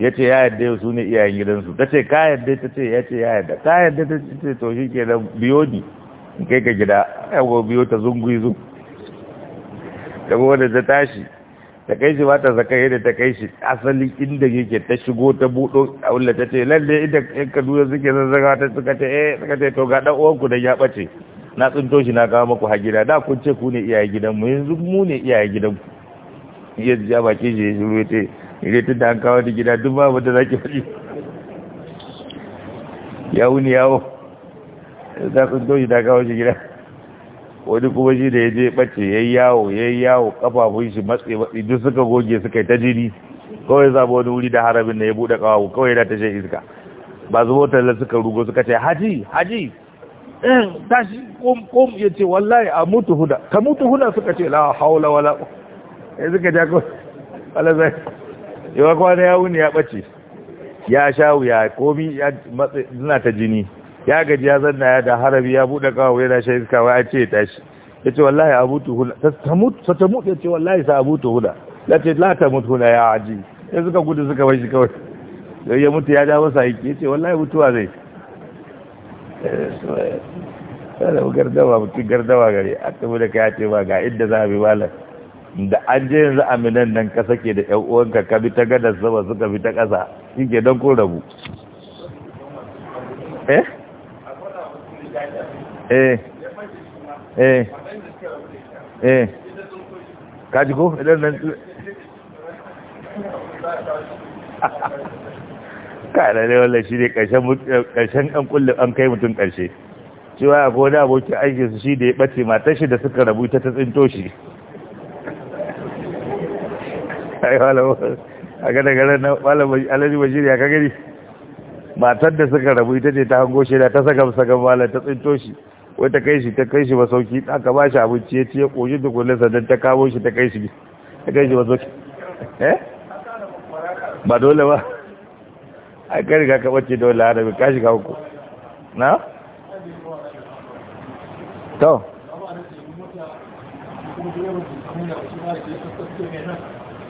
ya ce ya yadda su ne iyayen gidansu ta ce ka yadda ta ce ya ce ya yadda ka yadda ta ce to shi ke da biyo ni kai ka gida yawo biyo ta zungu zungu ta wanda ta tashi ta kai shi wata zaka yadda ta kai shi asali inda yake ta shigo ta buɗo a wula ta ce lalle inda yan kaduna suke zazzaga ta suka ce eh suka ce to ga dan uwan ku da ya bace na tsinto shi na kawo maku ha gida da kun ce ku ne iyaye gidan mu yanzu mu ne iyaye gidan ku ya ja baki shi ya shiru ya ce ire ta da kawo da gida duk ba wanda zaki faɗi yawo wuni yawo da tsinto shi da kawo shi gida wani kuma shi da ya je bace yi yawo ya yi yawo kafafun shi matse matse duk suka goge suka yi ta jini kawai za wani wuri da harabin da ya buɗe kawawu kawai da ta shan iska ba zuwa talla suka rugo suka ce haji haji eh, tashi kom kom ya ce wallahi a mutu huda ka mutu huda suka ce la haula wala ya suka ja ko wala zai yawa kwana ya wuni ya bace ya sha wuya komi ya matse suna ta jini ya gaji ya zanna ya da harabi ya bude kawo yana shan iska wai an ce ya tashi ya ce wallahi abutu huna ta ta ya ce wallahi sa abutu huna ya ce la ta mutu huna ya aji ya suka gudu suka bai shi kawai da ya mutu ya ja masa aiki ya ce wallahi mutuwa zai da eh, gardawa mutum gardawa gare a tabi da kaya ce ba ga inda za a bi malam da an je yanzu aminan nan ka sake da yan uwanka ka bi ta gadar sama suka bi ta ƙasa shi ke don ko rabu eh eh eh eh kaji idan nan ne wallah shi ne karshen an kulle an kai mutum ƙarshe cewa ko da abokin aikin su shi da ya ɓace matar shi da suka rabu ta ta tsinto shi ai a ga daga mai alhaji bashir ya ka gani matar da suka rabu ita ce ta hango shi da ta saka saka wala ta tsinto shi wai ta kai shi ta kai shi masauki aka ba shi abinci ya ci ya koyi tukunin sannan ta kawo shi ta kai shi ta kai shi masauki eh ba dole ba a kai riga ka bace dole arabi ka shiga uku na to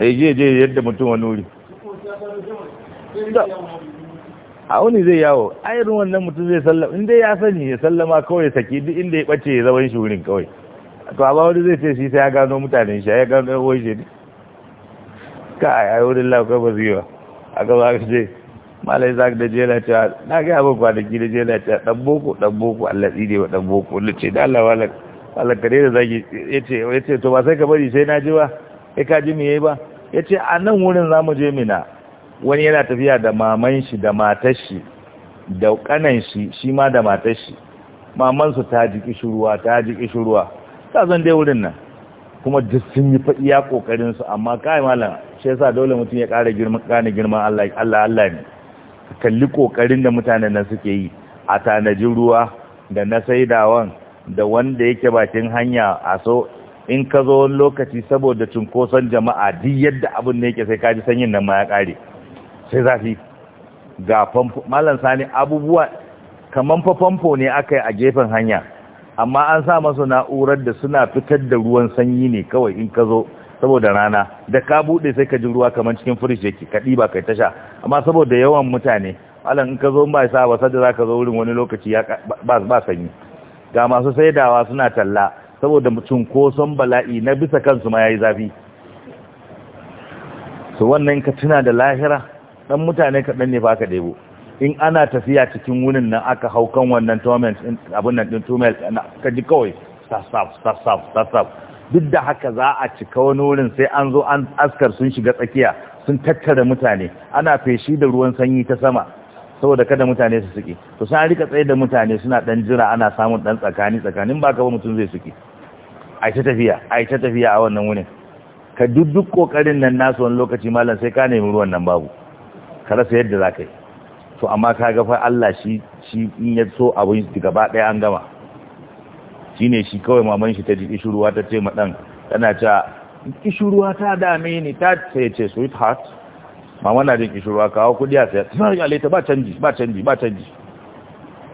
eh je je yadda mutum wani wuri a wani zai yawo a irin wannan mutum zai sallama inda ya sani ya sallama kawai saki duk inda ya bace ya zaman shi wurin kawai to a wani zai ce shi sai ya gano mutanen shi ya gano ɗan shi ne ka a yi wurin lafiya ba a gaba ka ce malai za da jela cewa na ga abin kwanaki da jela cewa ɗan boko ɗan boko allah tsire wa ɗan boko da ce da allah wala walar kare da zagi ya ce to ba sai ka bari sai na ji ba ya ka ji me ya yi ba ya ce a nan wurin za mu je mina wani yana tafiya da maman shi da matar shi da kanan shi shi ma da matar shi maman su ta ji kishiruwa ta ji kishiruwa ta zan dai wurin nan kuma duk sun yi ya kokarin su amma kai malam shi yasa dole mutum ya ƙara girma kana girman Allah Allah Allah ne kalli kokarin da mutanen nan suke yi a tanajin ruwa da na saidawan da wanda yake bakin hanya a so in ka zo lokaci saboda cunkoson jama'a duk yadda abin ne yake sai ka ji sanyin nan ma ya ƙare sai zafi ga famfo malam sani abubuwa kaman fa famfo ne aka a gefen hanya amma an sa masa na'urar da suna fitar da ruwan sanyi ne kawai in ka zo saboda rana da ka bude sai ka ji ruwa kaman cikin fridge yake ka ba kai tasha amma saboda yawan mutane Mallam in ka zo ba sa ba sai za ka zo wurin wani lokaci ba sanyi ga masu saidawa suna talla saboda ko son bala'i na bisa kansu ma ya yi zafi So wannan ka tuna da lahira dan mutane kaɗan ne ba ka debo in ana tafiya cikin wunin nan aka hau kan wannan tournament abin nan din torment ka ji kawai sassaf sassaf sassaf duk da haka za a cika wani wurin sai an zo an askar sun shiga tsakiya sun tattara mutane ana feshi da ruwan sanyi ta sama saboda kada mutane su suke to sai an rika tsaye da mutane suna dan jira ana samun dan tsakani tsakanin baka ba mutum zai suke a ta tafiya a ta tafiya a wannan wurin ka duk duk kokarin nan nasu wani lokaci malam sai ka nemi ruwan nan babu ka rasa yadda za ka yi to amma ka ga fa Allah shi shi in ya so abin shi gaba ɗaya an gama shine shi kawai maman shi ta ji kishuruwa ta ce ma ɗan tana ta kishuruwa ta dame ni ta sai ce sweetheart mama na jin kishuruwa kawo kuɗi a sayar suna riƙa leta ba canji ba canji ba canji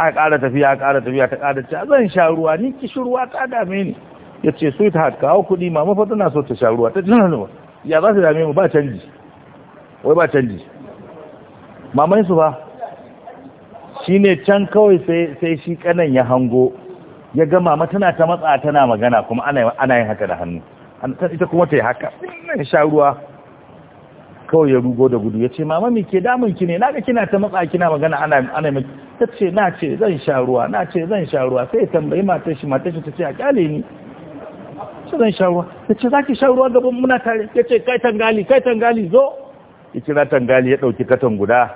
a ƙara tafiya a ƙara tafiya ta ƙara ta zan sha ruwa ni kishuruwa ta dame ni ya ce sweetheart kawo kuɗi mama fa tana so ta sha ruwa ta tunanin ya za su dame mu ba canji wai ba canji maman su ba shi ne can kawai sai shi kanan ya hango ya ga mama tana ta matsa tana magana kuma ana yin haka da hannu ita kuma ta yi haka ya sha ruwa kawai ya rugo da gudu ya ce mama ke damun ki ne na ga kina ta matsa kina magana ana ana ta ce na ce zan sha ruwa na ce zan sha ruwa sai tambayi matar shi matar shi ta ce a kyale ni sai zan sha ruwa ta ce za ki sha ruwa gaban muna tare ya ce kai tangali kai tangali zo ya kira tangali ya ɗauki katon guda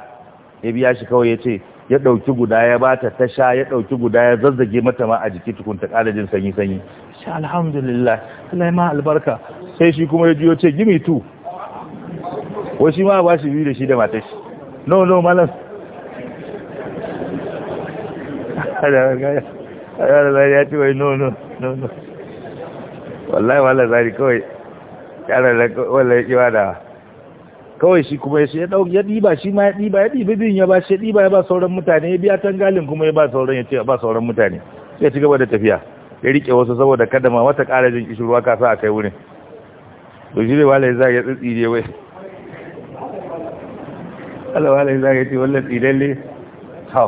ya biya shi kawai ya ce ya ɗauki guda ya ba ta sha ya ɗauki guda ya zazzage mata ma a jiki tukun ta ƙara jin sanyi sanyi shi alhamdulillah Allah ma albarka sai shi kuma ya juyo ce gimi tu wa shi ma ba shi biyu da shi da matar shi no no malam ya ce wai no no no no wallahi wallahi zari kawai wallahi kiwa da kawai shi kuma ya ya ya ɗiba shi ma ya ɗiba ya ɗiba din ya ba shi ɗiba ya ba sauran mutane ya biya tangalin kuma ya ba sauran ya ce ba sauran mutane sai ci gaba da tafiya ya riƙe wasu saboda kada ma wata ƙara jin kishirwa ka sa a kai wurin to shi ne wala ya ya tsitsi ne wai Allah wala ya ya ce wallan tsilalle ha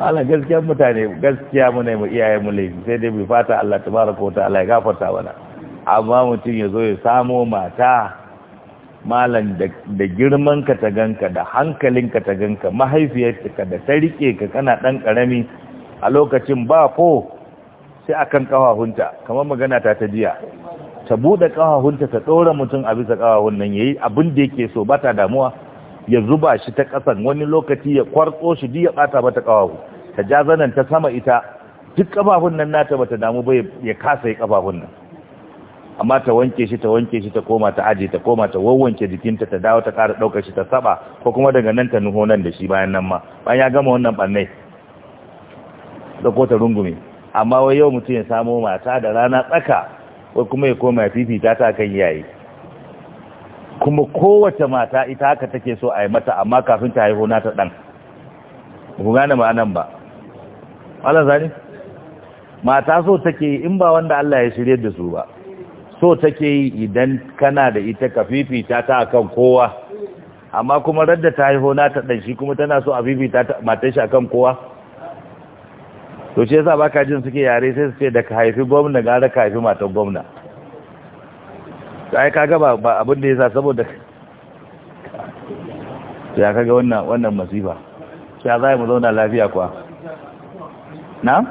Allah gaskiya mutane gaskiya mu ne mu iyaye mu laifi sai dai mu fata Allah tabaraka wa ta'ala ya gafarta mana amma mutum ya zo ya samo mata malam da girman ka ta ganka da hankalin ka ta ganka mahaifiyarka da ta rike ka kana ɗan karami a lokacin ba ko sai akan kawahunta kamar magana ta ta jiya ta buɗe kawahunta ta dora mutum a bisa kawahun nan yayi abin da yake so ba ta damuwa ya zuba shi ta kasan wani lokaci ya kwartso shi duk ya bata mata kawahu ta ja zanan ta sama ita duk kafafun nan nata ta damu ba ya kasa yi kafafun nan amma ta wanke shi ta wanke shi ta koma ta aje ta koma ta wawwanke jikinta ta dawo ta ƙara ɗaukar shi ta saba ko kuma daga nan ta nuho nan da shi bayan nan ma bayan ya gama wannan ɓannai da ko ta rungume amma wai yau mutum ya samo mata da rana tsaka ko kuma ya koma fifita ta kan iyaye kuma kowace mata ita haka take so a yi mata amma kafin ta haihu na ta ɗan ku gane ma'anan ba Allah zani mata so take in ba wanda Allah ya shirye da su ba so take yi idan kana da ita ka fifita ta akan kowa amma kuma radda ta haifo na ta ɗanshi, kuma tana so a fifita ta matar shi akan kowa to shi yasa baka jin suke yare sai su ce da ka haifi gwamna gara ka haifi matan gwamna sai kaga ba ba abin da yasa saboda ya kaga wannan wannan masifa sai za mu zauna lafiya kuwa na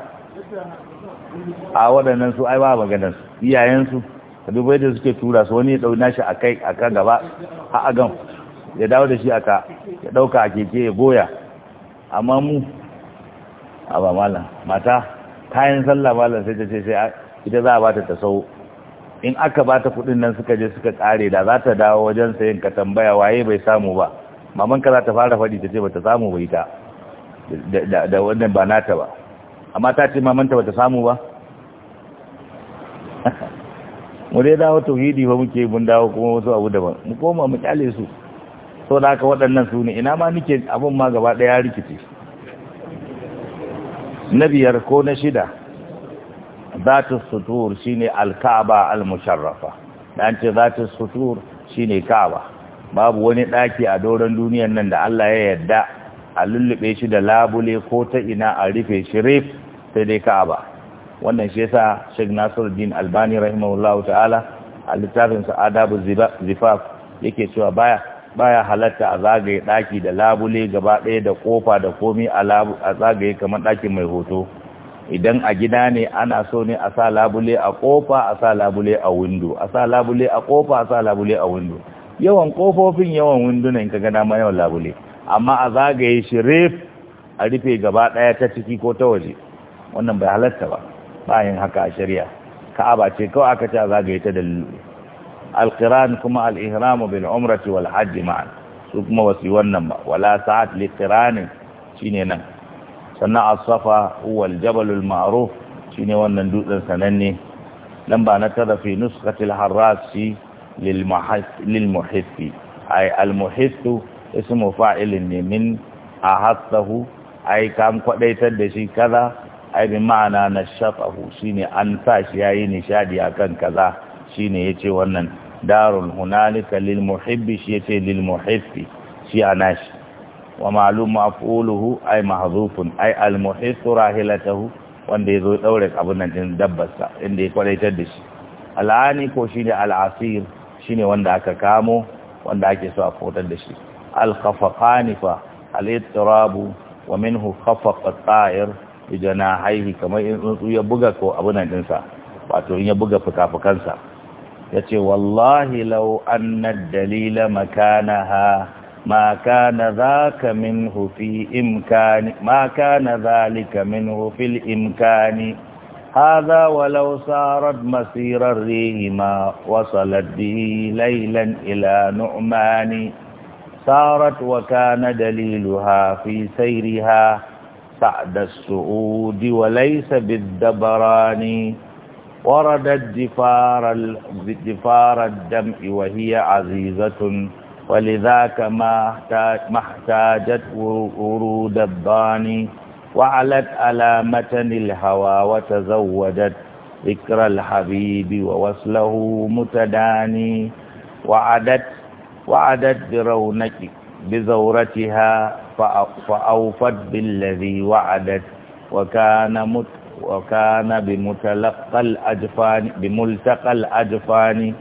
a waɗannan su ai ba maganar su iyayensu ka duba yadda suke tura su wani ya ɗau nashi a kai a kan gaba a agan ya dawo da shi a ka ya ɗauka a keke ya goya amma mu a ba malam mata kayan sallah malam sai ta ce sai ita za a bata ta sau in aka bata kuɗin nan suka je suka ƙare da za ta dawo wajen sayin ka tambaya waye bai samu ba maman ka za ta fara faɗi ta ce bata samu ba ita da wannan ba nata ba amma ta ce mamanta bata samu ba mu dai dawo tauhidi ba muke mun dawo kuma wasu abu daban mu koma mu kyale su so da haka waɗannan su ne ina ma nike abin ma gaba ɗaya rikici na biyar ko na shida zata sutur shine alka'aba almusharrafa dan ce zata sutur shine ka'aba babu wani daki a doron duniyar nan da Allah ya yarda a lullube shi da labule ko ta ina a rufe shi rif sai dai ka'aba wannan shi yasa Sheikh Nasiruddin Albani rahimahullahu ta'ala a littafin sa Adabu Zifaf yake cewa baya baya halatta a zagaye daki da labule gaba ɗaya da kofa da komi a labu a zagaye kamar dakin mai hoto idan a gida ne ana so ne a sa labule a kofa a sa labule a windo a sa labule a kofa a sa labule a windo yawan kofofin yawan windunan ka ga dama yawan labule amma a zagaye shi ref a rufe gaba ɗaya ta ciki ko ta waje wannan bai halatta ba bayan haka a shari'a ka'aba ce kawai aka ce a zagaye ta da lulluɓe alqiran kuma al-ihramu bil umrati wal hajj ma'an su kuma wasi wannan ba wala sa'at li shine nan sannan as-safa huwa al-jabal al-ma'ruf shine wannan dutsen sananne lamba na tara fi nuskhati al-harrasi lil ay al-muhiffu ismu fa'ilin ne min ahathahu ay kam kwadaitar da shi kaza ai ma'ana na shafahu shine an sa shi yayi nishadi akan kaza shine yace wannan darun hunalika lil muhibbi yace lil muhibbi shi anashi wa ma'lum maf'uluhu ai mahzufun ai al muhibbu rahilatahu wanda yazo daure abun nan din dabbar sa inda ya kwalaitar da shi al'ani ko shine al asir shine wanda aka kamo wanda ake so a fotar da shi al khafaqani al ittirabu wa minhu khafaqa at-ta'ir na haihi kamar in tsuntsu ya buga ko abu nan dinsa wato in ya buga fuka-fukansa ya ce wallahi lau annad dalila makanaha ma kana zaka minhu fi imkani ma kana zalika minhu fil imkani هذا ولو سارت مسير الريح ما وصلت به ليلا إلى بعد السعود وليس بالدبران وردت دفار, الدفار الدمع وهي عزيزة ولذاك ما احتاجت ورود الضان وعلت على متن الهوى وتزودت ذكر الحبيب ووصله متداني وعدت وعدت برونك بزورتها فأوفت بالذي وعدت وكان مت وكان بمتلقى الأجفان بملتقى الأجفان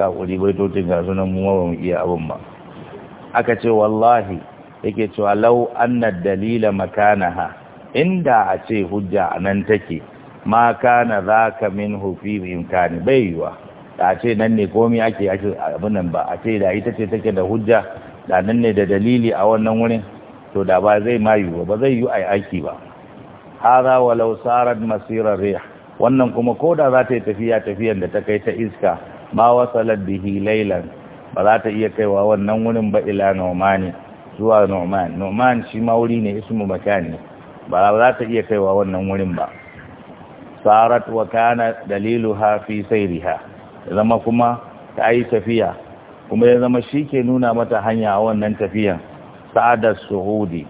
ودي بيتو تنغا سنة مو يا أبو ما أكتي والله يكتي لو أن الدليل مكانها إن دا أتي حجة ننتكي ma kana zaka minhu fi imkani baiwa a ce nan ne komai ake ake abin nan ba a ce da ita ce take da hujja da nan ne da dalili a wannan wurin to da ba zai ma yi ba zai yi ai aiki ba hada walau sarat masirar riya wannan kuma koda za ta yi tafiya tafiyan da ta kai ta iska ma wasalat bihi laylan ba za ta iya kaiwa wannan wurin ba ila nomani zuwa noman noman shi ma wuri ne ismu makani ba za ta iya kaiwa wannan wurin ba sarat wa kana daliluha fi sayriha zama kuma ta yi tafiya kuma ya zama shi ke nuna mata hanya a wannan tafiyan sa'adar suhudi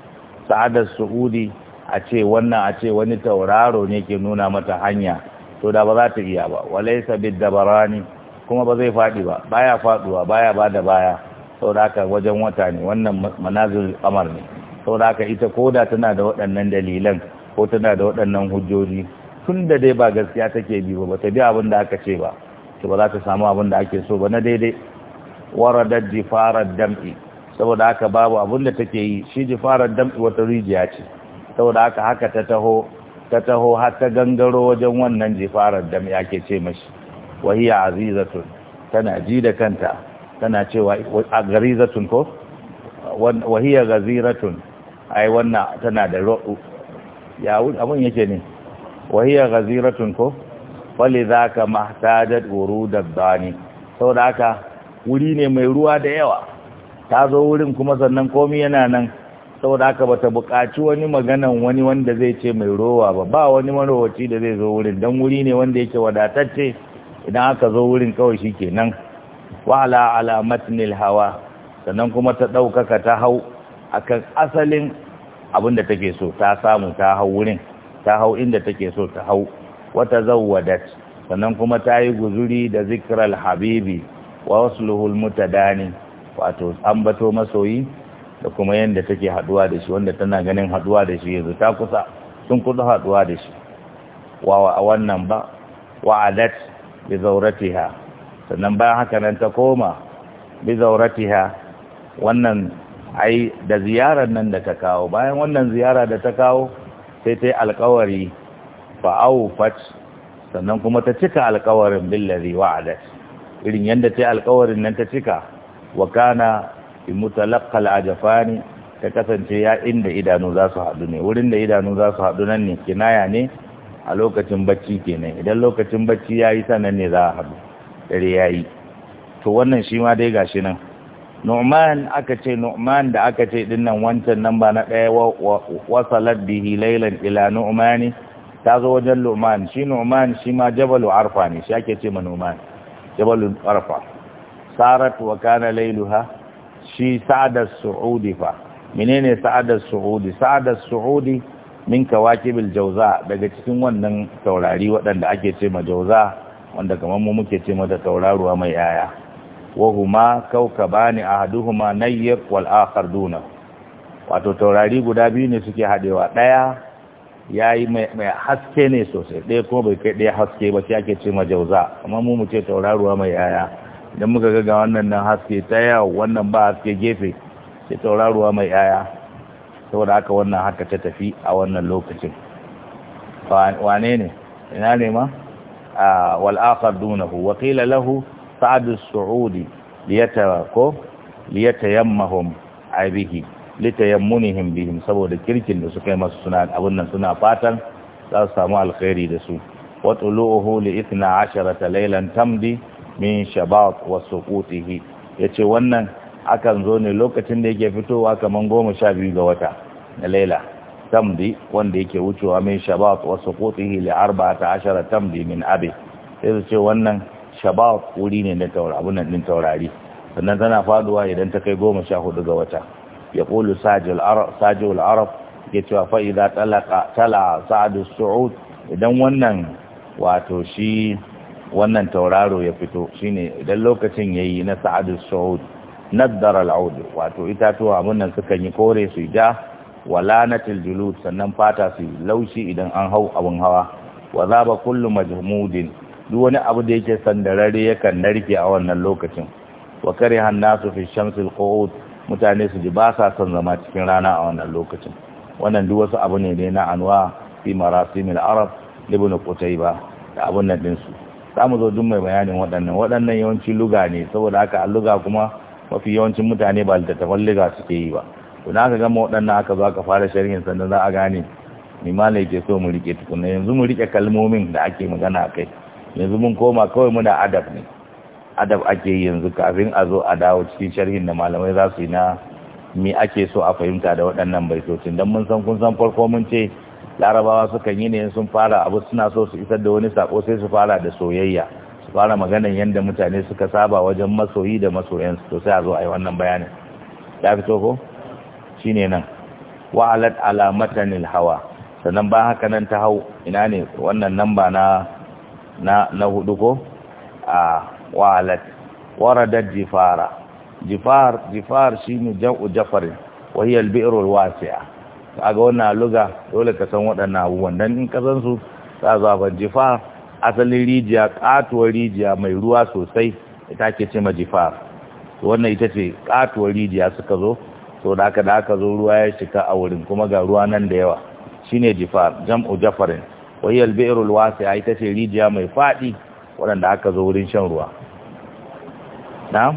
sa'adar suhudi a ce wannan a ce wani tauraro ne ke nuna mata hanya to da ba za ta iya ba walaisa bid dabarani kuma ba zai faɗi ba baya faɗuwa baya ba da baya sauraka wajen wata ne wannan manazil kamar ne sauraka ita ko da tana da waɗannan dalilan ko tana da waɗannan hujjoji tun da dai ba gaskiya take bi ba ta bi abin da aka ce ba to ba za ta samu abin da ake so ba na daidai waradar jifarar dam'i saboda haka babu abinda da take yi shi jifarar dam'i wata rijiya ce saboda haka haka ta taho ta taho har ta gangaro wajen wannan jifarar dam'i ake ce mashi wahiya azizatun tana ji da kanta tana cewa a garizatun ko wahiya gaziratun ai wannan tana da ro'u ya abun yake ne wahiya gaziratun ko fali mahtajat urudad dani saboda haka wuri ne mai ruwa da yawa ta zo wurin kuma sannan komi yana nan saboda haka bata bukaci wani maganan wani wanda zai ce mai rowa ba ba wani marowaci da zai zo wurin don wuri ne wanda yake wadatacce idan aka zo wurin kawai shi kenan wahala alamat matnil hawa sannan kuma ta ɗaukaka ta hau akan asalin abin da take so ta samu ta hau wurin ta hau inda take so ta hau wata zawwadat sannan kuma ta yi guzuri da zikirar habibi wa wasluhul mutadani wato ambato masoyi da kuma yanda take haduwa da shi wanda tana ganin haduwa da shi yanzu ta kusa sun kusa haduwa da shi wa wa wannan ba wa adat bi zauratiha sannan bayan haka nan ta koma bi zauratiha wannan ai da ziyarar nan da ta kawo bayan wannan ziyara da ta kawo sai ta yi alkawari fa'awufat sannan kuma ta cika alkawarin billazi wa'adat irin yadda ta yi alkawarin nan ta cika wa kana in mutalaqqal ta kasance ya inda idanu za su haɗu ne wurin da idanu za su haɗu nan ne kinaya ne a lokacin bacci kenan idan lokacin bacci yayi sanan ne za a haɗu dare ya yi to wannan shi ma dai gashi nan Nu'man aka ce Nu'man da aka ce dinnan wancan nan ba na ɗaya wa wasalat bihi laylan ila Nu'mani ta zo wajen Nu'man shi Nu'man shi ma Jabalu Arfa ne shi ake ce ma Nu'man jabalun arfa sarat wa kana lailuha shi sa'adar su'udi fa menene sa'adar su'udi sa'adar su'udi min kawakibil jauza daga cikin wannan taurari waɗanda ake ce ma jauza wanda kamar mu muke ce ma da tauraruwa mai yaya wa huma kaukabani ahaduhuma nayyib wal akhar duna wato taurari guda biyu ne suke hadewa daya ya yi mai haske ne sosai ɗaya kuma bai kai ɗaya haske ba sai ake ce ma jauza amma mu mu ce tauraruwa mai yaya idan muka ga ga wannan nan haske ta yawo wannan ba haske gefe sai tauraruwa mai yaya saboda haka wannan haka ta tafi a wannan lokacin wane ne ina ne ma wal akhar dunahu wa qila lahu sa'd as-su'udi liyata ko a abihi litayammunihim bihim saboda kirkin da suka yi masu suna abun nan suna fatan za su samu alkhairi da su wa tuluhu li 12 laylan tamdi min shabab wa suqutihi yace wannan akan zo ne lokacin da yake fitowa kaman 12 ga wata na laila tamdi wanda yake wucewa min shabab wa suqutihi li 14 tamdi min abi sai ce wannan shabab wuri ne na taurari nan din taurari sannan tana faduwa idan ta kai goma sha hudu ga wata ya ƙulu sajul arab ya cewa fa'iza tala sa'adu su'ud idan wannan tauraro ya fito shine idan lokacin ya yi na sa'adu su'ud naddar al'ud wato itatuwa munan sukan yi kore su da wala na julud sannan fata su laushi idan an hau abin hawa wa zaba kullu majmudin duk wani abu da yake sanda sandarare yakan narke a wannan lokacin wa kariha an-nasu fi shamsil qu'ud mutane su ji ba sa son zama cikin rana a wannan lokacin wannan duk wasu abu ne ne na anwa fi marasimil arab ibn qutayba da abun nan din su zamu zo duk mai bayanin waɗannan waɗannan yawanci luga ne saboda haka a luga kuma mafi yawancin mutane ba littattafan liga suke yi ba to na gama waɗannan aka zo aka fara sharhin sannan za a gane ni malai ke so mu rike tukunna yanzu mu rike kalmomin da ake magana a kai yanzu mun koma kawai muna adab ne adab ake yanzu kafin a zo a dawo cikin sharhin da malamai za su yi na me ake so a fahimta da waɗannan baitocin don mun san kun san farko mun ce larabawa sukan yi ne sun fara abu suna so su isar da wani sako sai su fara da soyayya su fara maganan yadda mutane suka saba wajen masoyi da masoyansu to sai a zo a yi wannan bayanin ya fi so ko shi ne nan wa'alat alamatanil hawa sannan ba haka nan ta hau ina ne wannan namba na na na hudu ko a walat waradat jifara jifar jifar shine jam'u jafarin wa hiya al-bi'ru al-wasi'a kaga wannan luga dole ka san waɗannan abubuwan dan in ka san su za za ba jifar asalin rijiya katuwar rijiya mai ruwa sosai ita ake ce ma jifar wannan ita ce katuwar rijiya suka zo To da aka da aka zo ruwa ya shika a wurin kuma ga ruwa nan da yawa shine jifar jam'u jafarin wa hiya al-bi'ru al-wasi'a ita ce rijiya mai fadi waɗanda aka zo wurin shan ruwa na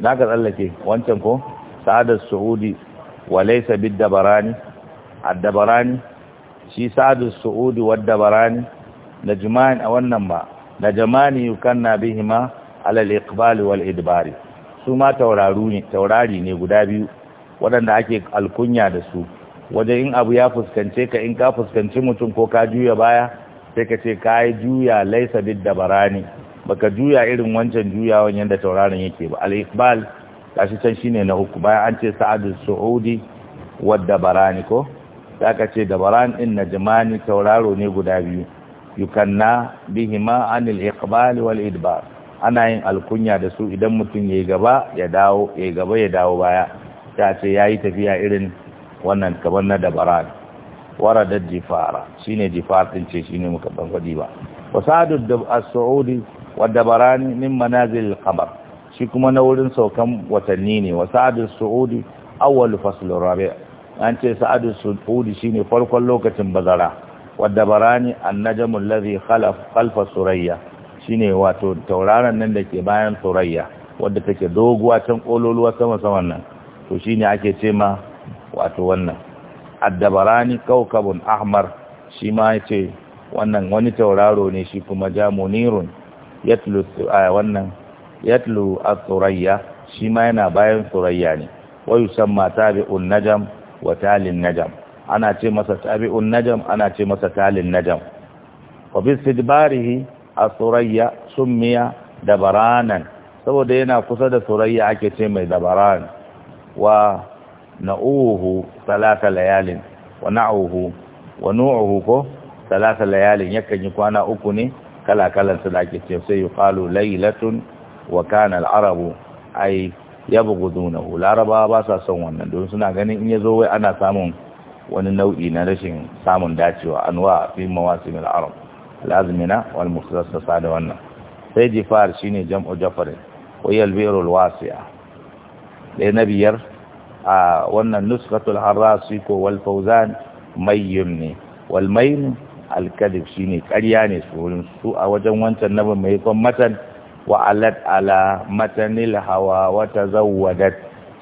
na ga tsallake wancan ko sa'adar su'udi wa laisa bid dabarani addabarani shi sa'adar su'udi wa dabarani na jima'in a wannan ba na jamani yukanna bihima alal iqbali wal idbari su ma taurari ne guda biyu waɗanda ake alkunya da su wajen in abu ya fuskance ka in ka fuskanci mutum ko ka juya baya sai ka ce ka yi juya laisa bid da barani baka juya irin wancan juyawan yadda tauraron yake ba al-iqbal gashi can shine na uku bayan an ce sa'adu su'udi wa dabarani ko ka ce dabaran din jimani tauraro ne guda biyu yukanna bihima anil iqbal wal idbar ana yin alkunya da su idan mutum yayi gaba ya dawo gaba ya dawo baya ta ce yayi tafiya irin wannan kaban na dabarani. waradar jifara shine jifar din ce shine muka ban gwadi ba wasadu sa'adu as sa'udi wa dabarani min manazil kamar qamar shi kuma na wurin saukan watanni ne wasadu sa'adu as-su'udi awwal fasl rabi an ce sa'adu as shi shine farkon lokacin bazara wa dabarani an-najm alladhi khalaf khalfa surayya shine wato tauraron nan da ke bayan surayya wadda take doguwa can kololuwa sama saman nan to shine ake ce ma wato wannan addabarani kaukabun ahmar shi ma ce wannan wani tauraro ne shi kuma jamunirun munirun wannan yatlu a surayya shi ma yana bayan surayya ne san ma tabi'un najam wa talin najam ana ce masa tabi'un najam ana ce masa talin najam wa bi istidbarihi as-surayya summiya dabaranan saboda yana kusa da surayya ake ce mai dabaran wa na'uhu salasa layalin wa na'uhu wa nu'uhu ko salasa layalin yakan yi kwana uku ne kala-kalan su da ake ce sai yi ƙalu lailatun wa kana al'arabu ai larabawa ba sa son wannan don suna ganin in ya zo wai ana samun wani nau'i na rashin samun dacewa an wa fi mawasim al'arab lazimina wal mukhtasasa da wannan sai jifar shine jam'u jafarin wayal birul wasi'a dai na biyar a wannan nuskatul harrasi ko wal fawzan mayyim ne wal mayyim shine ƙarya ne su su a wajen wancan nabi mai kon matan wa alat ala matanil hawa wa tazawwadat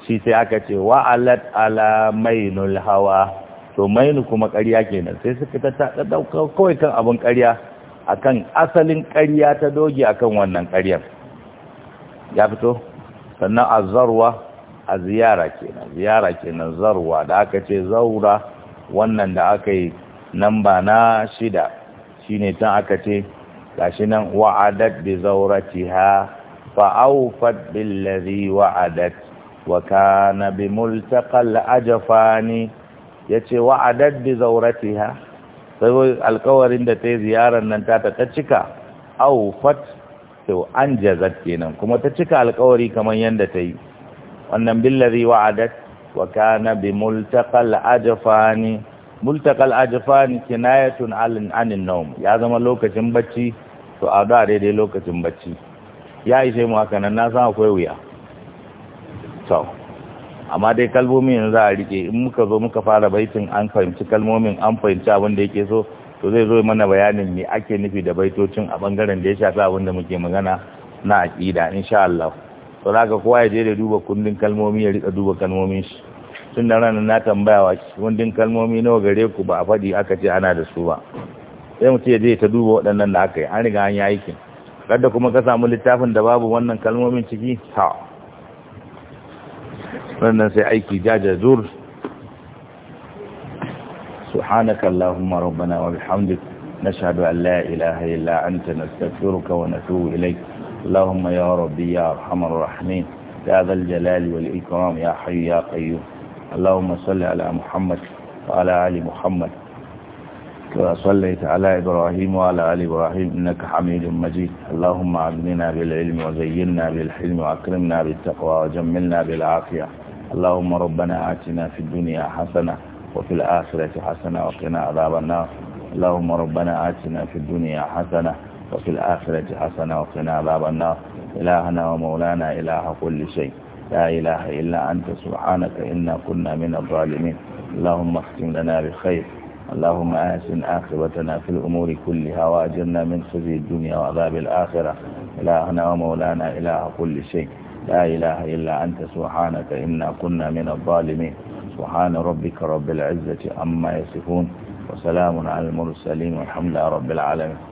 shi sai aka ce wa alat ala mainul hawa to mainu kuma ƙarya kenan sai suka ta dauka kawai kan abun ƙarya akan asalin karya ta doge akan wannan karyar. ya fito sannan azzarwa a ziyara kenan ziyara kenan zarwa da aka ce zaura wannan da aka yi nan na shida shine tun aka ce gashi nan wa'adat bi zauratiha fa awfat bil ladhi wa'adat wa kana bi multaqal ajfani yace wa'adat bi zauratiha sai alƙawarin da ta yi ziyarar nan ta ta cika awfat to an jazat kenan kuma ta cika alƙawari kamar yadda ta yi wannan billazi wa'adat wa kana bi multaqal ajfani multaqal ajfani kinayatun alin anin nawm ya zama lokacin bacci to a da daidai lokacin bacci ya ishe mu haka nan na san akwai wuya to amma dai kalmomin yanzu a rike in muka zo muka fara baitin an fahimci kalmomin an fahimci abin da yake so to zai zo mana bayanin me ake nufi da baitocin a bangaren da ya shafi abin da muke magana na aqida insha Allah to ka kowa ya je da duba kundin kalmomi ya rika duba kalmomin shi tun da ranar na tambayawa kundin kalmomi nawa gare ku ba a faɗi aka ce ana da su ba sai mutum ya je ta duba waɗannan da aka yi an riga an yi aikin kada kuma ka samu littafin da babu wannan kalmomin ciki ha wannan sai aiki jaja zur سبحانك اللهم ربنا وبحمدك نشهد أن لا إله إلا أنت anta ونتوب إليك اللهم يا ربي يا أرحم الراحمين يا ذا الجلال والإكرام يا حي يا قيوم اللهم صل على محمد وعلى آل محمد كما صليت على إبراهيم وعلى آل إبراهيم إنك حميد مجيد اللهم أغننا بالعلم وزينا بالحلم وأكرمنا بالتقوى وجملنا بالعافية اللهم ربنا آتنا في الدنيا حسنة وفي الآخرة حسنة وقنا عذاب النار اللهم ربنا آتنا في الدنيا حسنة وفي الآخرة حسنة وقنا عذاب النار إلهنا ومولانا إله كل شيء لا إله إلا أنت سبحانك إنا كنا من الظالمين اللهم اختم لنا بخير اللهم آسن آخرتنا في الأمور كلها وأجرنا من خزي الدنيا وعذاب الآخرة إلهنا ومولانا إله كل شيء لا إله إلا أنت سبحانك إنا كنا من الظالمين سبحان ربك رب العزة عما يصفون وسلام على المرسلين والحمد لله رب العالمين